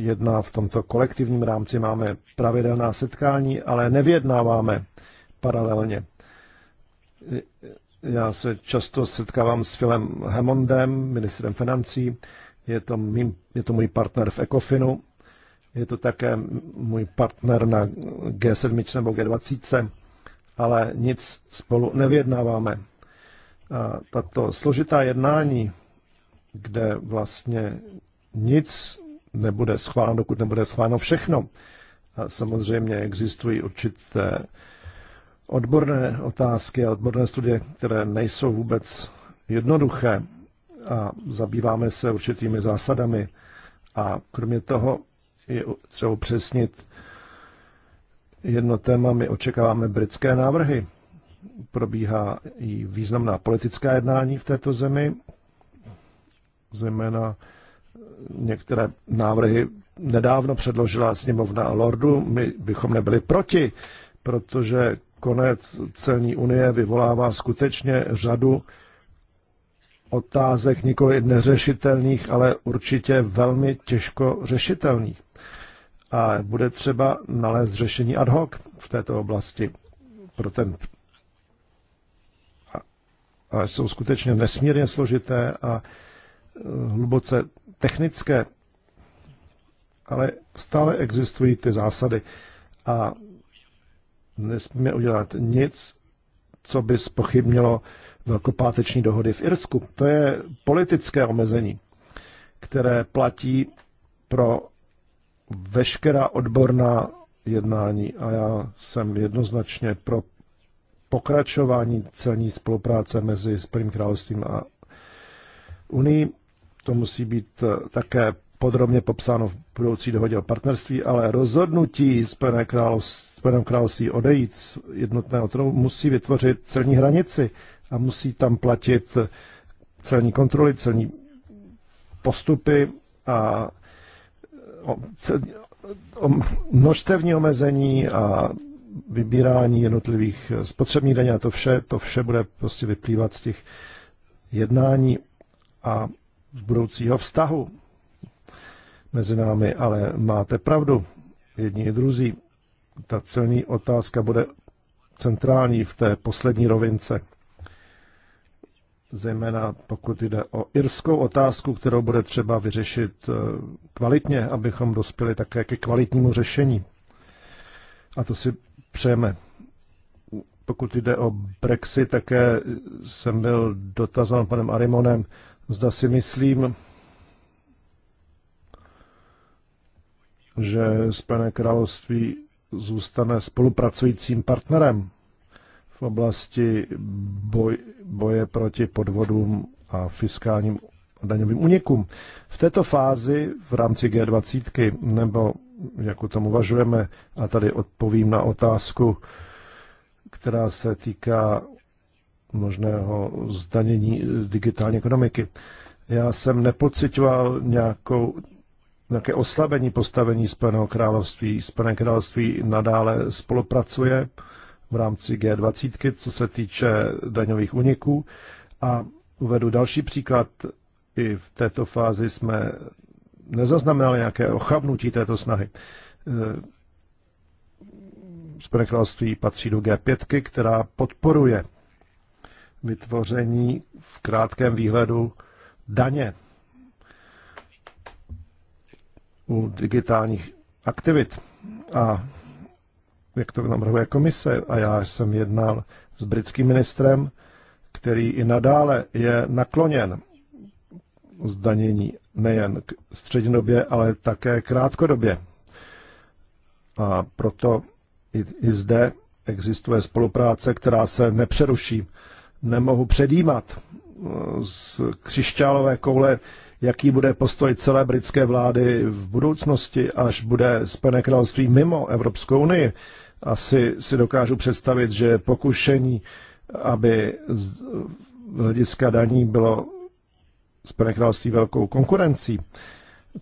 jedná v tomto kolektivním rámci. Máme pravidelná setkání, ale nevyjednáváme paralelně. Já se často setkávám s Filem Hemondem, ministrem financí. Je to, mým, je to můj partner v Ecofinu. Je to také můj partner na G7 nebo G20, ale nic spolu nevyjednáváme. A tato složitá jednání, kde vlastně nic nebude schváleno, dokud nebude schváleno všechno. A samozřejmě existují určité odborné otázky a odborné studie, které nejsou vůbec jednoduché a zabýváme se určitými zásadami. A kromě toho je třeba přesnit jedno téma, my očekáváme britské návrhy. Probíhá i významná politická jednání v této zemi, zejména některé návrhy nedávno předložila sněmovna Lordu. My bychom nebyli proti, protože konec celní unie vyvolává skutečně řadu otázek nikoli neřešitelných, ale určitě velmi těžko řešitelných. A bude třeba nalézt řešení ad hoc v této oblasti pro ten ale jsou skutečně nesmírně složité a e, hluboce technické, ale stále existují ty zásady a nesmíme udělat nic, co by spochybnilo velkopáteční dohody v Irsku. To je politické omezení, které platí pro veškerá odborná jednání a já jsem jednoznačně pro pokračování celní spolupráce mezi Spojeným královstvím a Unii to musí být eh, také podrobně popsáno v budoucí dohodě o partnerství, ale rozhodnutí Spojené království, Spojeném království odejít z jednotného trhu musí vytvořit celní hranici a musí tam platit eh, celní kontroly, celní postupy a eh, o, cel, o množstevní omezení a vybírání jednotlivých spotřebních daní a to vše, to vše bude prostě vyplývat z těch jednání a z budoucího vztahu mezi námi, ale máte pravdu, jedni i druzí. Ta celní otázka bude centrální v té poslední rovince. Zejména pokud jde o irskou otázku, kterou bude třeba vyřešit eh, kvalitně, abychom dospěli také ke kvalitnímu řešení. A to si přejeme. Pokud jde o Brexit, také jsem byl dotazán panem Arimonem zda si myslím, že Spojené království zůstane spolupracujícím partnerem v oblasti boj, boje proti podvodům a fiskálním daňovým unikům. V této fázi v rámci G20, nebo o tom uvažujeme, a tady odpovím na otázku, která se týká možného zdanění digitální ekonomiky. Já jsem nepocitoval nějakou, nějaké oslabení postavení Spojeného království. Spojené království nadále spolupracuje v rámci G20, co se týče daňových uniků. A uvedu další příklad. I v této fázi jsme nezaznamenali nějaké ochabnutí této snahy. Spojené království patří do G5, která podporuje vytvoření v krátkém výhledu daně u digitálních aktivit. A jak to navrhuje komise, a já jsem jednal s britským ministrem, který i nadále je nakloněn zdanění nejen k střednodobě, ale také krátkodobě. A proto i, i zde existuje spolupráce, která se nepřeruší nemohu předjímat eh, z křišťálové koule, jaký bude postoj celé britské vlády v budoucnosti, až bude Spojené království mimo Evropskou unii. Asi si dokážu představit, že pokušení, aby z hlediska daní bylo Spojené království velkou konkurencí,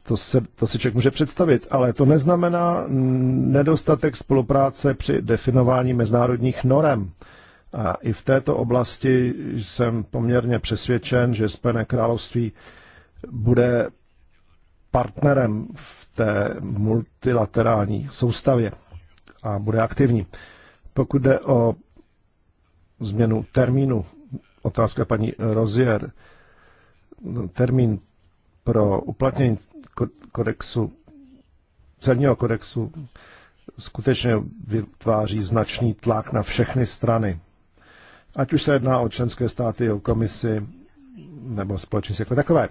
to, se, to si člověk může představit, ale to neznamená nedostatek spolupráce při definování mezinárodních norem. A i v této oblasti jsem poměrně přesvědčen, že Spojené království bude partnerem v té multilaterální soustavě a bude aktivní. Pokud jde o změnu termínu, otázka paní Rozier, no, termín pro uplatnění kodexu, celního kodexu skutečně vytváří značný tlak na všechny strany ať už se jedná o členské státy, o komisi nebo společnosti jako takové.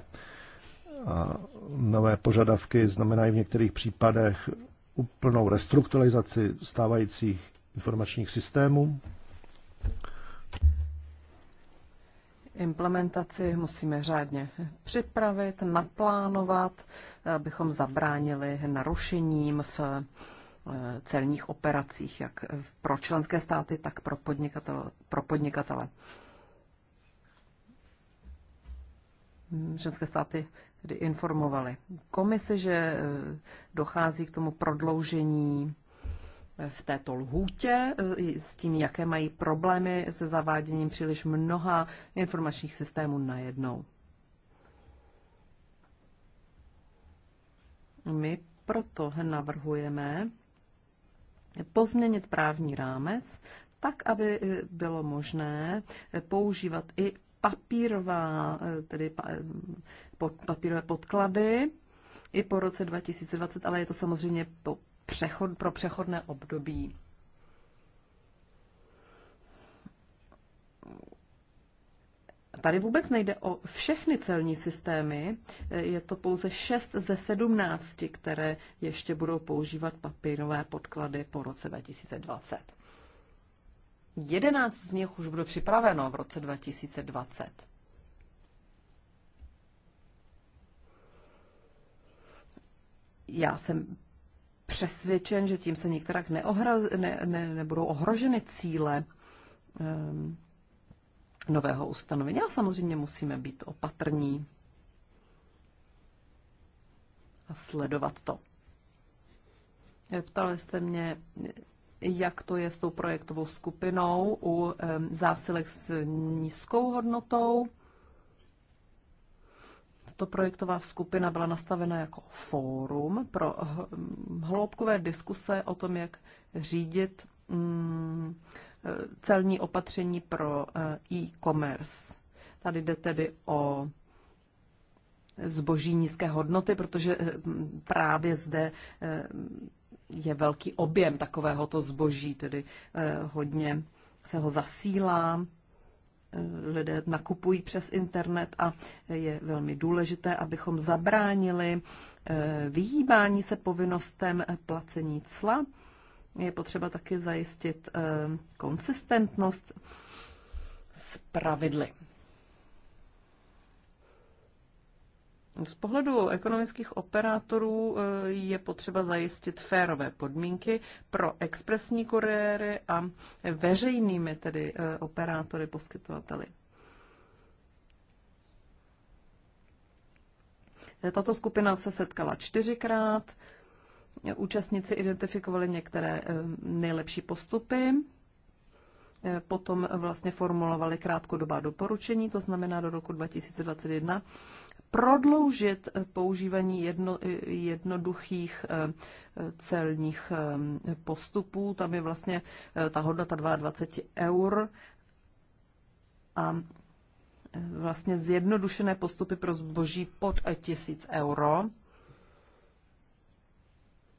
A nové požadavky znamenají v některých případech úplnou restrukturalizaci stávajících informačních systémů. Implementaci musíme řádně připravit, naplánovat, abychom zabránili narušením v Eh, celních operacích, jak pro členské státy, tak pro podnikatele. Pro podnikatele. Hmm, členské státy tedy informovaly komise, že eh, dochází k tomu prodloužení eh, v této lhůtě s tím, jaké mají problémy se zaváděním příliš mnoha informačních systémů najednou. My proto navrhujeme pozměnit právní rámec tak, aby eh, bylo možné eh, používat i papírová, eh, tedy papírové podklady i po roce 2020, ale je to samozřejmě po přechod, pro přechodné období. Tady vůbec nejde o všechny celní systémy, eh, je to pouze 6 ze 17, které ještě budou používat papírové podklady po roce 2020. 11 z nich už bude připraveno v roce 2020. Já jsem přesvědčen, že tím se některak neohra, ne, ne, nebudou ohroženy cíle um, nového ustanovení. A samozřejmě musíme být opatrní a sledovat to. Ptali jste mě, jak to je s tou projektovou skupinou u zásilek s nízkou hodnotou. Tato projektová skupina byla nastavena jako fórum pro hm, hloubkové diskuse o tom, jak řídit hm, celní opatření pro eh, e-commerce. Tady jde tedy o zboží nízké hodnoty, protože eh, právě zde eh, je velký objem takovéhoto zboží, tedy hodně se ho zasílá, lidé nakupují přes internet a je velmi důležité, abychom zabránili vyhýbání se povinnostem placení cla je potřeba taky zajistit eh, konsistentnost s pravidly. Z pohledu ekonomických operátorů eh, je potřeba zajistit férové podmínky pro expresní kuriéry a veřejnými tedy eh, operátory poskytovateli. Tato skupina se setkala čtyřikrát Účastníci identifikovali některé eh, nejlepší postupy, eh, potom vlastně formulovali krátkodobá doporučení, to znamená do roku 2021, prodloužit eh, používání jedno, jednoduchých celních postupů. Tam je vlastně ta hodnota 22 eur a vlastně zjednodušené postupy pro zboží pod 1000 euro.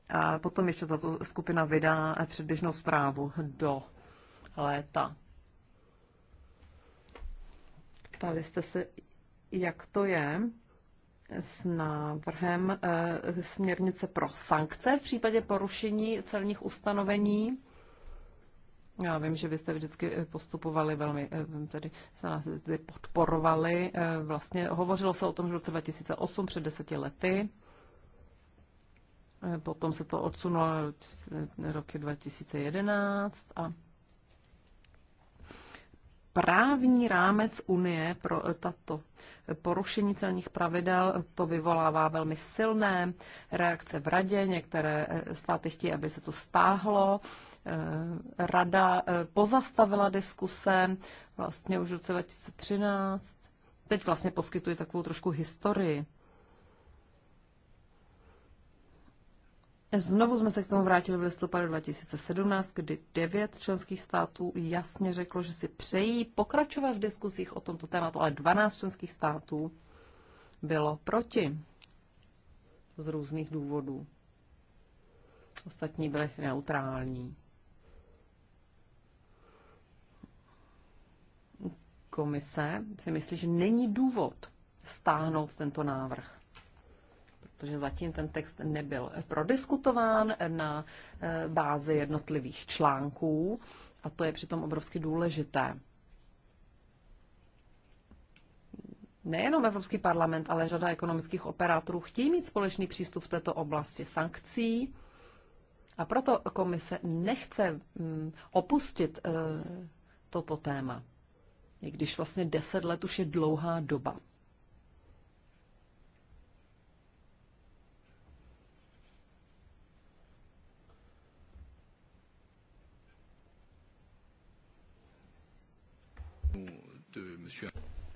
A potom ještě tato skupina vydá předběžnou zprávu do léta. Ptali jste se, jak to je s návrhem eh, směrnice pro sankce v případě porušení celních ustanovení. Já vím, že vy jste vždycky eh, postupovali velmi, eh, tedy se nás podporovali. Vlastně hovořilo se o tom, že v roce 2008, před deseti lety, Potom se to odsunulo roky 2011 a právní rámec Unie pro tato porušení celních pravidel, to vyvolává velmi silné reakce v radě. Některé eh, státy chtějí, aby se to stáhlo. Eh, rada eh, pozastavila diskuse vlastně už v roce 2013. Teď vlastně poskytuji takovou trošku historii. Znovu jsme se k tomu vrátili v listopadu 2017, kdy devět členských států jasně řeklo, že si přejí pokračovat v diskusích o tomto tématu, ale 12 členských států bylo proti z různých důvodů. Ostatní byly neutrální. Komise si myslí, že není důvod stáhnout tento návrh protože zatím ten text nebyl prodiskutován na eh, bázi jednotlivých článků a to je přitom obrovsky důležité. Nejenom Evropský parlament, ale řada ekonomických operátorů chtějí mít společný přístup v této oblasti sankcí a proto komise nechce mm, opustit eh, toto téma, i když vlastně deset let už je dlouhá doba.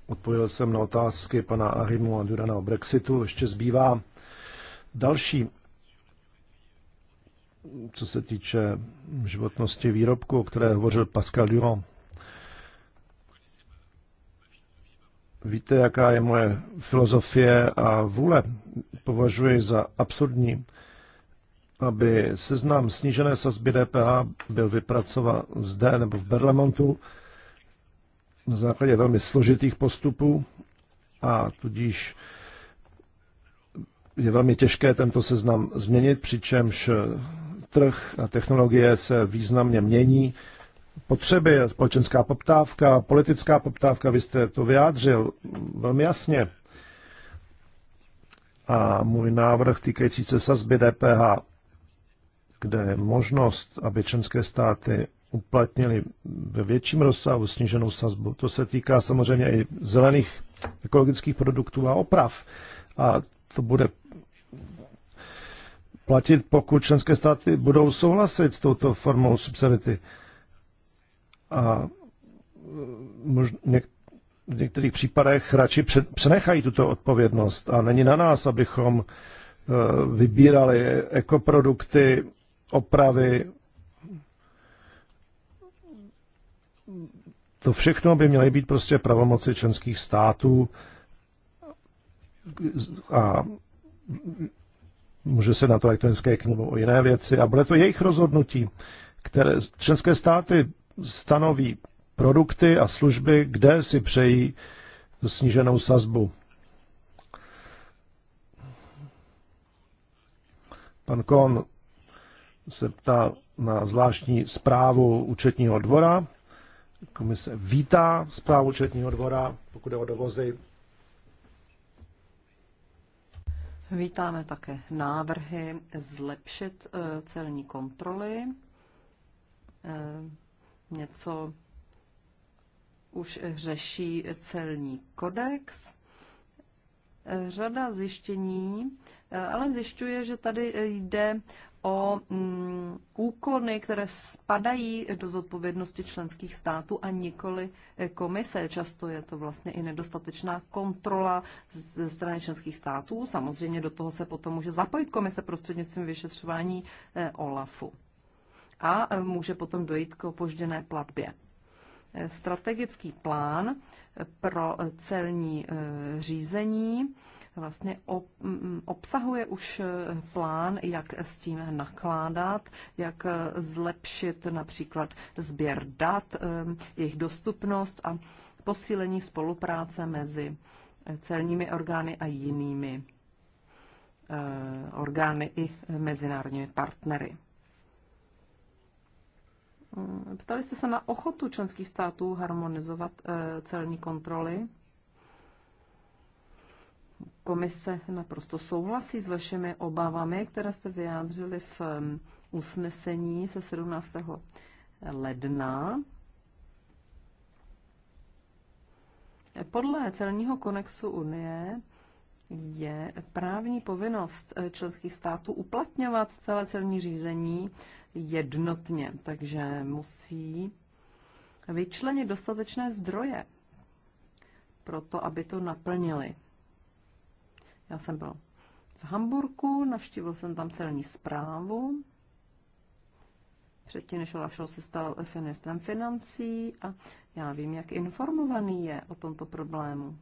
Odpověděl jsem na otázky pana Ahimu a Durana o Brexitu. Ještě zbývá další, co se týče životnosti výrobku, o které hovořil Pascal Durand. Víte, jaká je moje filozofie a vůle. Považuji za absurdní, aby seznam snížené sazby DPH byl vypracován zde nebo v Berlemontu na základě velmi složitých postupů a tudíž je velmi těžké tento seznam změnit, přičemž trh a technologie se významně mění. Potřeby, společenská poptávka, politická poptávka, vy jste to vyjádřil velmi jasně. A můj návrh týkající se sazby DPH, kde je možnost, aby členské státy uplatnili ve větším rozsahu sníženou sazbu. To se týká samozřejmě i zelených ekologických produktů a oprav. A to bude platit, pokud členské státy budou souhlasit s touto formou subsidity. A e, v některých případech radši přenechají tuto odpovědnost a není na nás, abychom e, vybírali ekoprodukty, opravy to všechno by měly být prostě pravomoci členských států a může se na to elektronické knihu o jiné věci a bude to jejich rozhodnutí, které členské státy stanoví produkty a služby, kde si přejí sníženou sazbu. Pan Kon se ptá na zvláštní zprávu účetního dvora Komise vítá zprávu Četního dvora, pokud je o dovozy. Vítáme také návrhy zlepšit eh, celní kontroly. Eh, něco už řeší celní kodex. Eh, řada zjištění, ale zjišťuje, že tady jde o mm, úkony, které spadají do zodpovědnosti členských států a nikoli eh, komise. Často je to vlastně i nedostatečná kontrola ze strany členských států. Samozřejmě do toho se potom může zapojit komise prostřednictvím vyšetřování eh, OLAFu. A eh, může potom dojít k opožděné platbě. Strategický plán pro celní řízení vlastně mm, obsahuje už eh, plán, jak s tím nakládat, jak eh, zlepšit například sběr dat, eh, jejich dostupnost a posílení spolupráce mezi celními orgány a jinými orgány i mezinárodními partnery. Mm, ptali jste se na ochotu členských států harmonizovat celní kontroly? Komise naprosto souhlasí s vašimi obavami, které jste vyjádřili v um, usnesení se 17. ledna. Podle celního konexu Unie je právní povinnost eh, členských států uplatňovat celé celní řízení jednotně, takže musí vyčlenit dostatečné zdroje pro to, aby to naplnili. Já jsem byl v Hamburku, navštívil jsem tam celní zprávu, předtím, než Olašol se stal ministrem financí a já vím, jak informovaný je o tomto problému.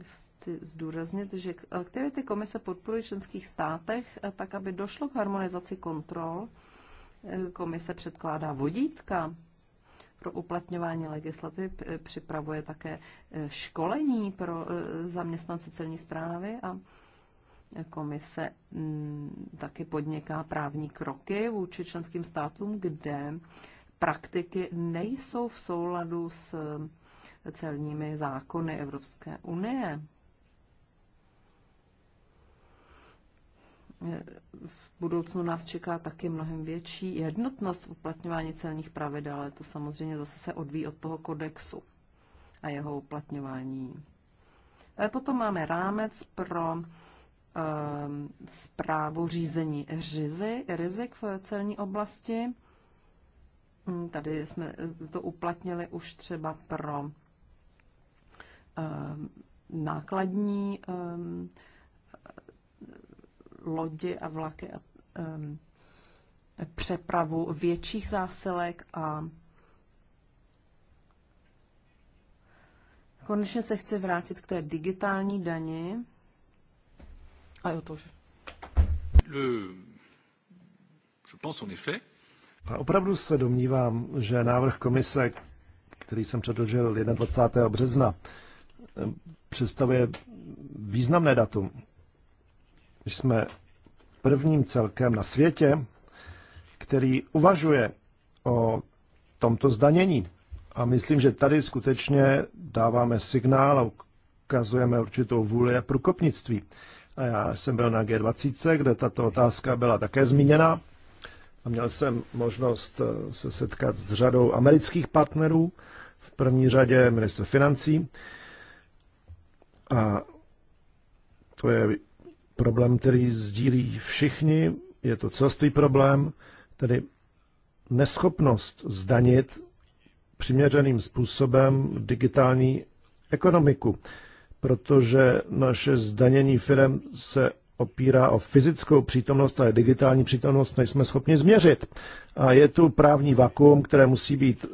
Chci zdůraznit, že aktivity komise podporují členských státech eh, tak, aby došlo k harmonizaci kontrol. Eh, komise předkládá vodítka pro uplatňování legislativy připravuje také e, školení pro e, zaměstnance celní zprávy a komise mm, taky podniká právní kroky vůči členským státům, kde praktiky nejsou v souladu s e, celními zákony Evropské unie. v budoucnu nás čeká taky mnohem větší jednotnost v uplatňování celních pravidel, ale to samozřejmě zase se odvíjí od toho kodexu a jeho uplatňování. A potom máme rámec pro um, ehm, zprávu řízení rizik, rizik v celní oblasti. Hm, tady jsme to uplatnili už třeba pro um, nákladní um, lodi a vlaky a um, přepravu větších zásilek a konečně se chci vrátit k té digitální dani. A jo, to už. Le... Je pense en effet. A opravdu se domnívám, že návrh komise, který jsem předložil 21. března, představuje významné datum. Jsme prvním celkem na světě, který uvažuje o tomto zdanění. A myslím, že tady skutečně dáváme signál a ukazujeme určitou vůli a průkopnictví. A já jsem byl na G20, kde tato otázka byla také zmíněna. A měl jsem možnost eh, se setkat s řadou amerických partnerů, v první řadě minister financí. A to je problém, který sdílí všichni, je to celostý problém, tedy neschopnost zdanit přiměřeným způsobem digitální ekonomiku, protože naše zdanění firm se opírá o fyzickou přítomnost a digitální přítomnost nejsme schopni změřit. A je tu právní vakuum, které musí být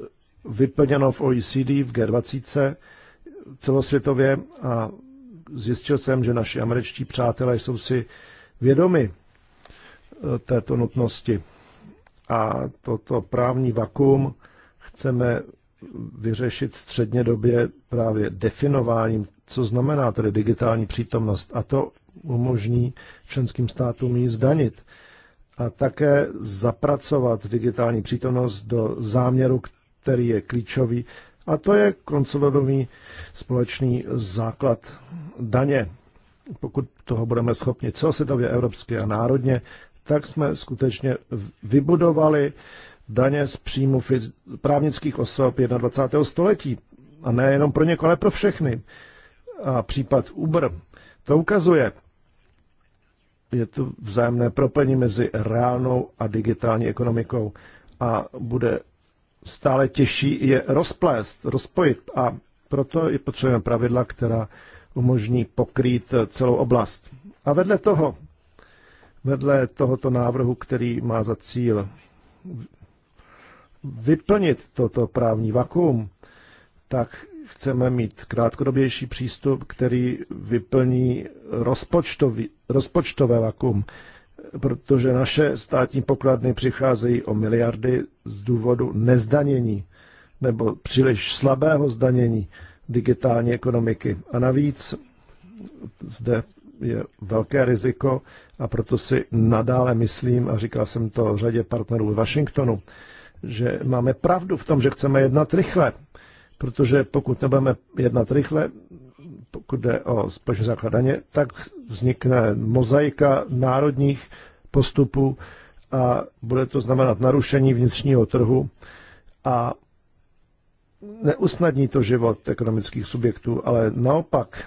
vyplněno v OECD, v G20 celosvětově a zjistil jsem, že naši američtí přátelé jsou si vědomi e, této nutnosti. A toto právní vakuum chceme vyřešit středně době právě definováním, co znamená tedy digitální přítomnost. A to umožní členským státům ji zdanit. A také zapracovat digitální přítomnost do záměru, který je klíčový a to je konsolidovaný společný základ daně. Pokud toho budeme schopni celosvětově, evropsky a národně, tak jsme skutečně vybudovali daně z příjmu právnických osob 21. století. A nejenom pro někoho, ale pro všechny. A případ Uber to ukazuje. Je tu vzájemné propojení mezi reálnou a digitální ekonomikou a bude stále těžší je rozplést, rozpojit a proto je potřebujeme pravidla, která umožní pokrýt celou oblast. A vedle toho, vedle tohoto návrhu, který má za cíl vyplnit toto právní vakuum, tak chceme mít krátkodobější přístup, který vyplní rozpočtový, rozpočtové vakuum protože naše státní pokladny přicházejí o miliardy z důvodu nezdanění nebo příliš slabého zdanění digitální ekonomiky. A navíc zde je velké riziko a proto si nadále myslím, a říkal jsem to řadě partnerů v Washingtonu, že máme pravdu v tom, že chceme jednat rychle, protože pokud nebudeme jednat rychle, pokud jde o společné základaně, tak vznikne mozaika národních postupů a bude to znamenat narušení vnitřního trhu a neusnadní to život ekonomických subjektů, ale naopak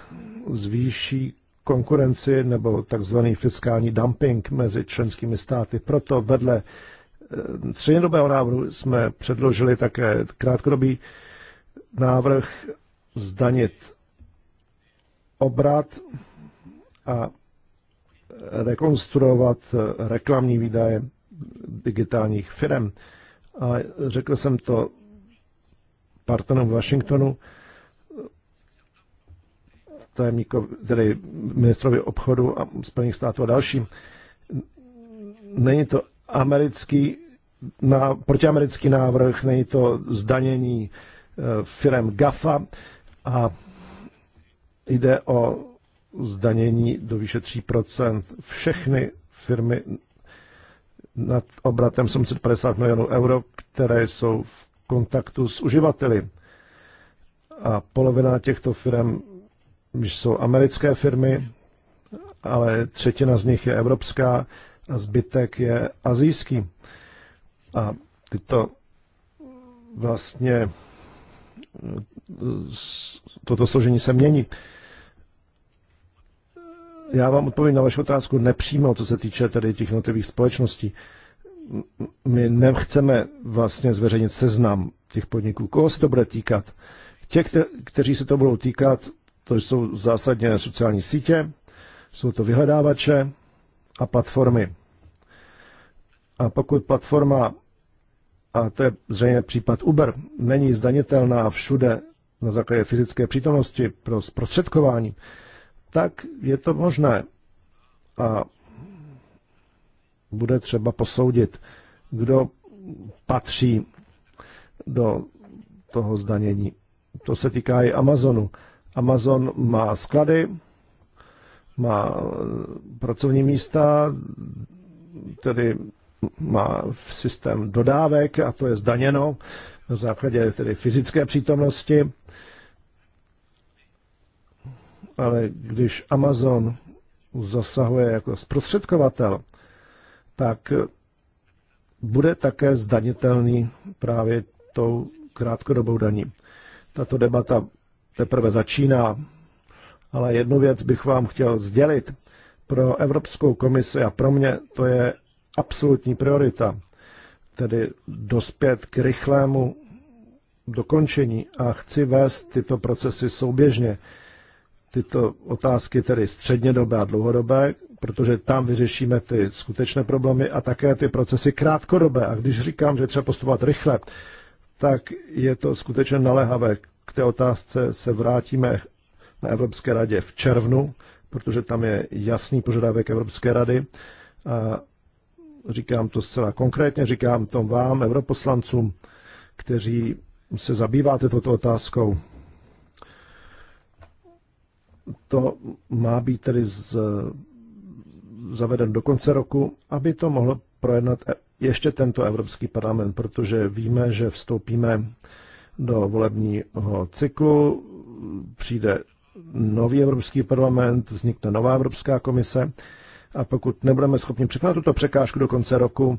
zvýší konkurenci nebo takzvaný fiskální dumping mezi členskými státy. Proto vedle eh, střednědobého návrhu jsme předložili také krátkodobý návrh zdanit obrat a rekonstruovat reklamní výdaje digitálních firm. A řekl jsem to partnerům v Washingtonu, tajemníkovi, tedy ministrovi obchodu a Spojených států a dalším. Není to americký, na, protiamerický návrh, není to zdanění eh, firm GAFA a Jde o zdanění do výše 3%. Všechny firmy nad obratem 750 milionů euro, které jsou v kontaktu s uživateli. A polovina těchto firm jsou americké firmy, ale třetina z nich je evropská a zbytek je azijský. A tyto vlastně toto složení se mění. Já vám odpovím na vaši otázku nepřímo, co se týče tedy těch notových společností. My nechceme vlastně zveřejnit seznam těch podniků. Koho se to bude týkat? Těch, kteří se to budou týkat, to jsou zásadně sociální sítě, jsou to vyhledávače a platformy. A pokud platforma a to je zřejmě případ Uber, není zdanitelná všude na základě fyzické přítomnosti pro zprostředkování, tak je to možné. A bude třeba posoudit, kdo patří do toho zdanění. To se týká i Amazonu. Amazon má sklady, má pracovní místa, tedy má systém dodávek a to je zdaněno na základě tedy fyzické přítomnosti. Ale když Amazon zasahuje jako zprostředkovatel, tak bude také zdanitelný právě tou krátkodobou daní. Tato debata teprve začíná, ale jednu věc bych vám chtěl sdělit. Pro Evropskou komisi a pro mě to je absolutní priorita, tedy dospět k rychlému dokončení a chci vést tyto procesy souběžně. Tyto otázky tedy střednědobé a dlouhodobé, protože tam vyřešíme ty skutečné problémy a také ty procesy krátkodobé. A když říkám, že třeba postupovat rychle, tak je to skutečně naléhavé. K té otázce se vrátíme na Evropské radě v červnu, protože tam je jasný požadavek Evropské rady. A Říkám to zcela konkrétně, říkám to vám, europoslancům, kteří se zabýváte toto otázkou. To má být tedy z, zaveden do konce roku, aby to mohl projednat e- ještě tento Evropský parlament, protože víme, že vstoupíme do volebního cyklu, přijde nový Evropský parlament, vznikne nová Evropská komise a pokud nebudeme schopni překonat tuto překážku do konce roku,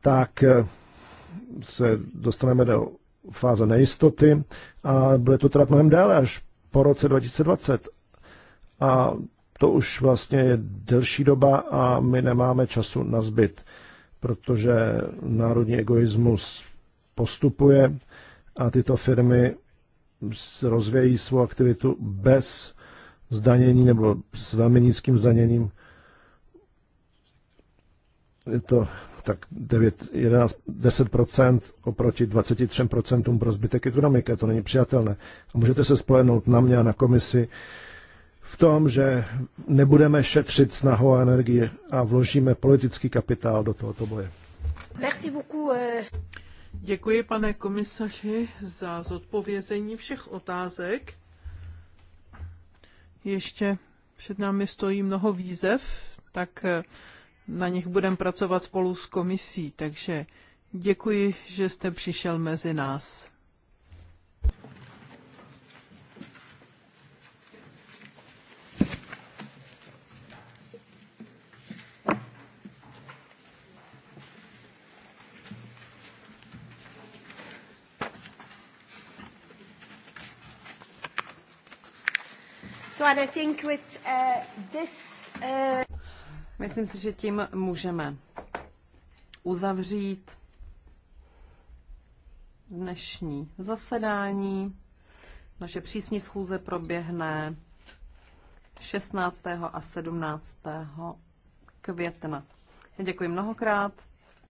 tak eh, se dostaneme do fáze nejistoty a bude to trvat mnohem déle, až po roce 2020. A to už vlastně je delší doba a my nemáme času na zbyt, protože národní egoismus postupuje a tyto firmy rozvějí svou aktivitu bez zdanění nebo s velmi nízkým zdaněním je to tak 9, 11, 10% oproti 23% pro zbytek ekonomiky. To není přijatelné. A můžete se spolehnout na mě a na komisi v tom, že nebudeme šetřit snahu a energii a vložíme politický kapitál do tohoto boje. Merci beaucoup. Eh. Děkuji, pane komisaři, za zodpovězení všech otázek. Ještě před námi stojí mnoho výzev, tak eh, na nich budeme pracovat spolu s komisí, takže děkuji, že jste přišel mezi nás. So I think with uh, this uh... Myslím si, že tím můžeme uzavřít dnešní zasedání. Naše přísní schůze proběhne 16. a 17. května. Děkuji mnohokrát.